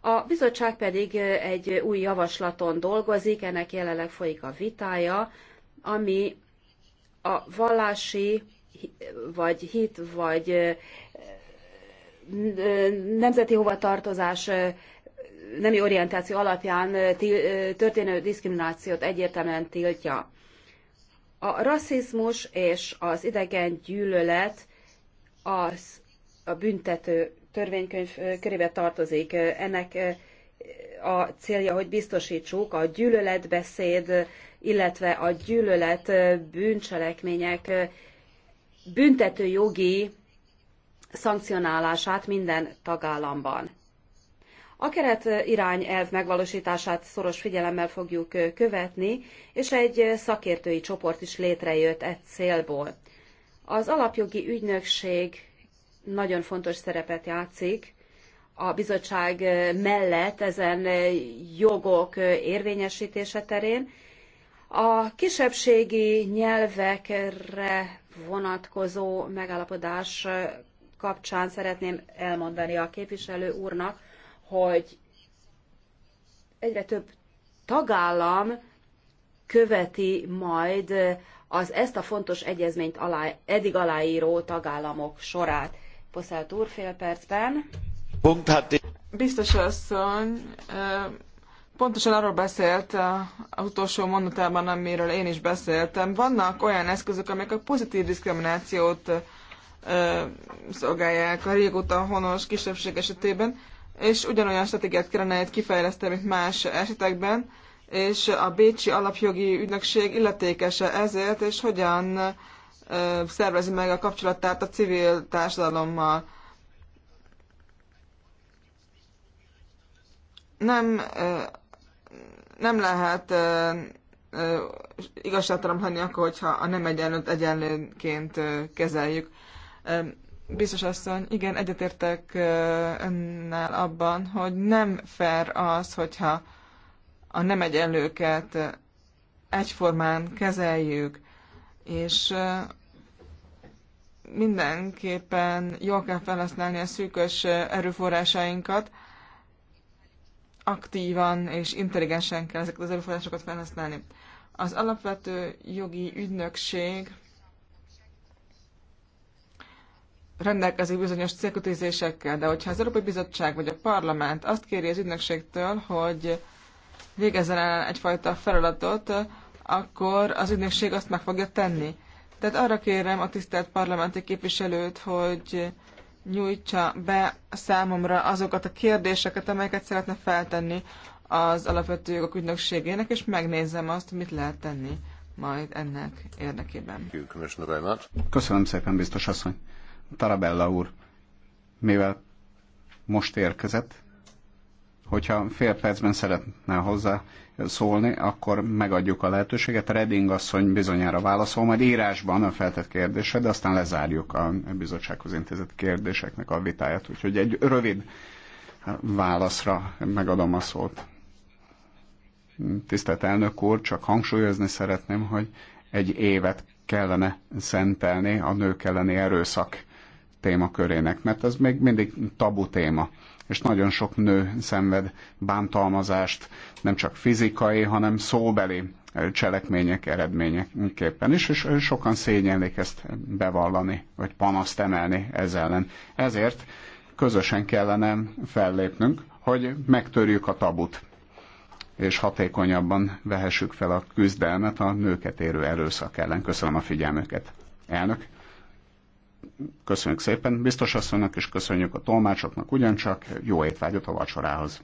A bizottság pedig egy új javaslaton dolgozik, ennek jelenleg folyik a vitája, ami a vallási, vagy hit, vagy nemzeti hovatartozás nemi orientáció alapján történő diszkriminációt egyértelműen tiltja. A rasszizmus és az idegen gyűlölet az a büntető törvénykönyv körébe tartozik. Ennek a célja, hogy biztosítsuk a gyűlöletbeszéd, illetve a gyűlölet bűncselekmények büntető jogi szankcionálását minden tagállamban. A keret elv megvalósítását szoros figyelemmel fogjuk követni, és egy szakértői csoport is létrejött e célból. Az alapjogi ügynökség nagyon fontos szerepet játszik a bizottság mellett ezen jogok érvényesítése terén. A kisebbségi nyelvekre vonatkozó megállapodás kapcsán szeretném elmondani a képviselő úrnak, hogy egyre több tagállam követi majd az ezt a fontos egyezményt alá, eddig aláíró tagállamok sorát. Poszelt úr, fél percben. Biztos asszony, pontosan arról beszélt az utolsó mondatában, amiről én is beszéltem. Vannak olyan eszközök, amelyek a pozitív diszkriminációt szolgálják a régóta honos kisebbség esetében, és ugyanolyan stratégiát kellene itt kifejleszteni, mint más esetekben, és a Bécsi Alapjogi Ügynökség illetékese ezért, és hogyan szervezi meg a kapcsolatát a civil társadalommal. Nem, nem lehet igazságtalan lenni akkor, hogyha a nem egyenlőt egyenlőként kezeljük. Biztos asszony, igen, egyetértek önnel abban, hogy nem fair az, hogyha a nem egyenlőket egyformán kezeljük, és mindenképpen jól kell felhasználni a szűkös erőforrásainkat, aktívan és intelligensen kell ezeket az erőforrásokat felhasználni. Az alapvető jogi ügynökség rendelkezik bizonyos célkötőzésekkel, de hogyha az Európai Bizottság vagy a Parlament azt kéri az ügynökségtől, hogy végezzen el egyfajta feladatot, akkor az ügynökség azt meg fogja tenni. Tehát arra kérem a tisztelt parlamenti képviselőt, hogy nyújtsa be számomra azokat a kérdéseket, amelyeket szeretne feltenni az alapvető jogok ügynökségének, és megnézem azt, mit lehet tenni majd ennek érdekében. Köszönöm szépen, biztos asszony. Tarabella úr, mivel most érkezett, hogyha fél percben szeretne hozzá szólni, akkor megadjuk a lehetőséget. A Reding asszony bizonyára válaszol, majd írásban a feltett kérdésre, de aztán lezárjuk a bizottsághoz intézett kérdéseknek a vitáját. Úgyhogy egy rövid válaszra megadom a szót. Tisztelt elnök úr, csak hangsúlyozni szeretném, hogy egy évet kellene szentelni a nők elleni erőszak témakörének, mert ez még mindig tabu téma, és nagyon sok nő szenved bántalmazást, nem csak fizikai, hanem szóbeli cselekmények eredményeképpen is, és sokan szégyenlik ezt bevallani, vagy panaszt emelni ez ellen. Ezért közösen kellene fellépnünk, hogy megtörjük a tabut, és hatékonyabban vehessük fel a küzdelmet a nőket érő erőszak ellen. Köszönöm a figyelmüket. Elnök, Köszönjük szépen biztos asszonynak, és köszönjük a tolmácsoknak ugyancsak. Jó étvágyat a vacsorához!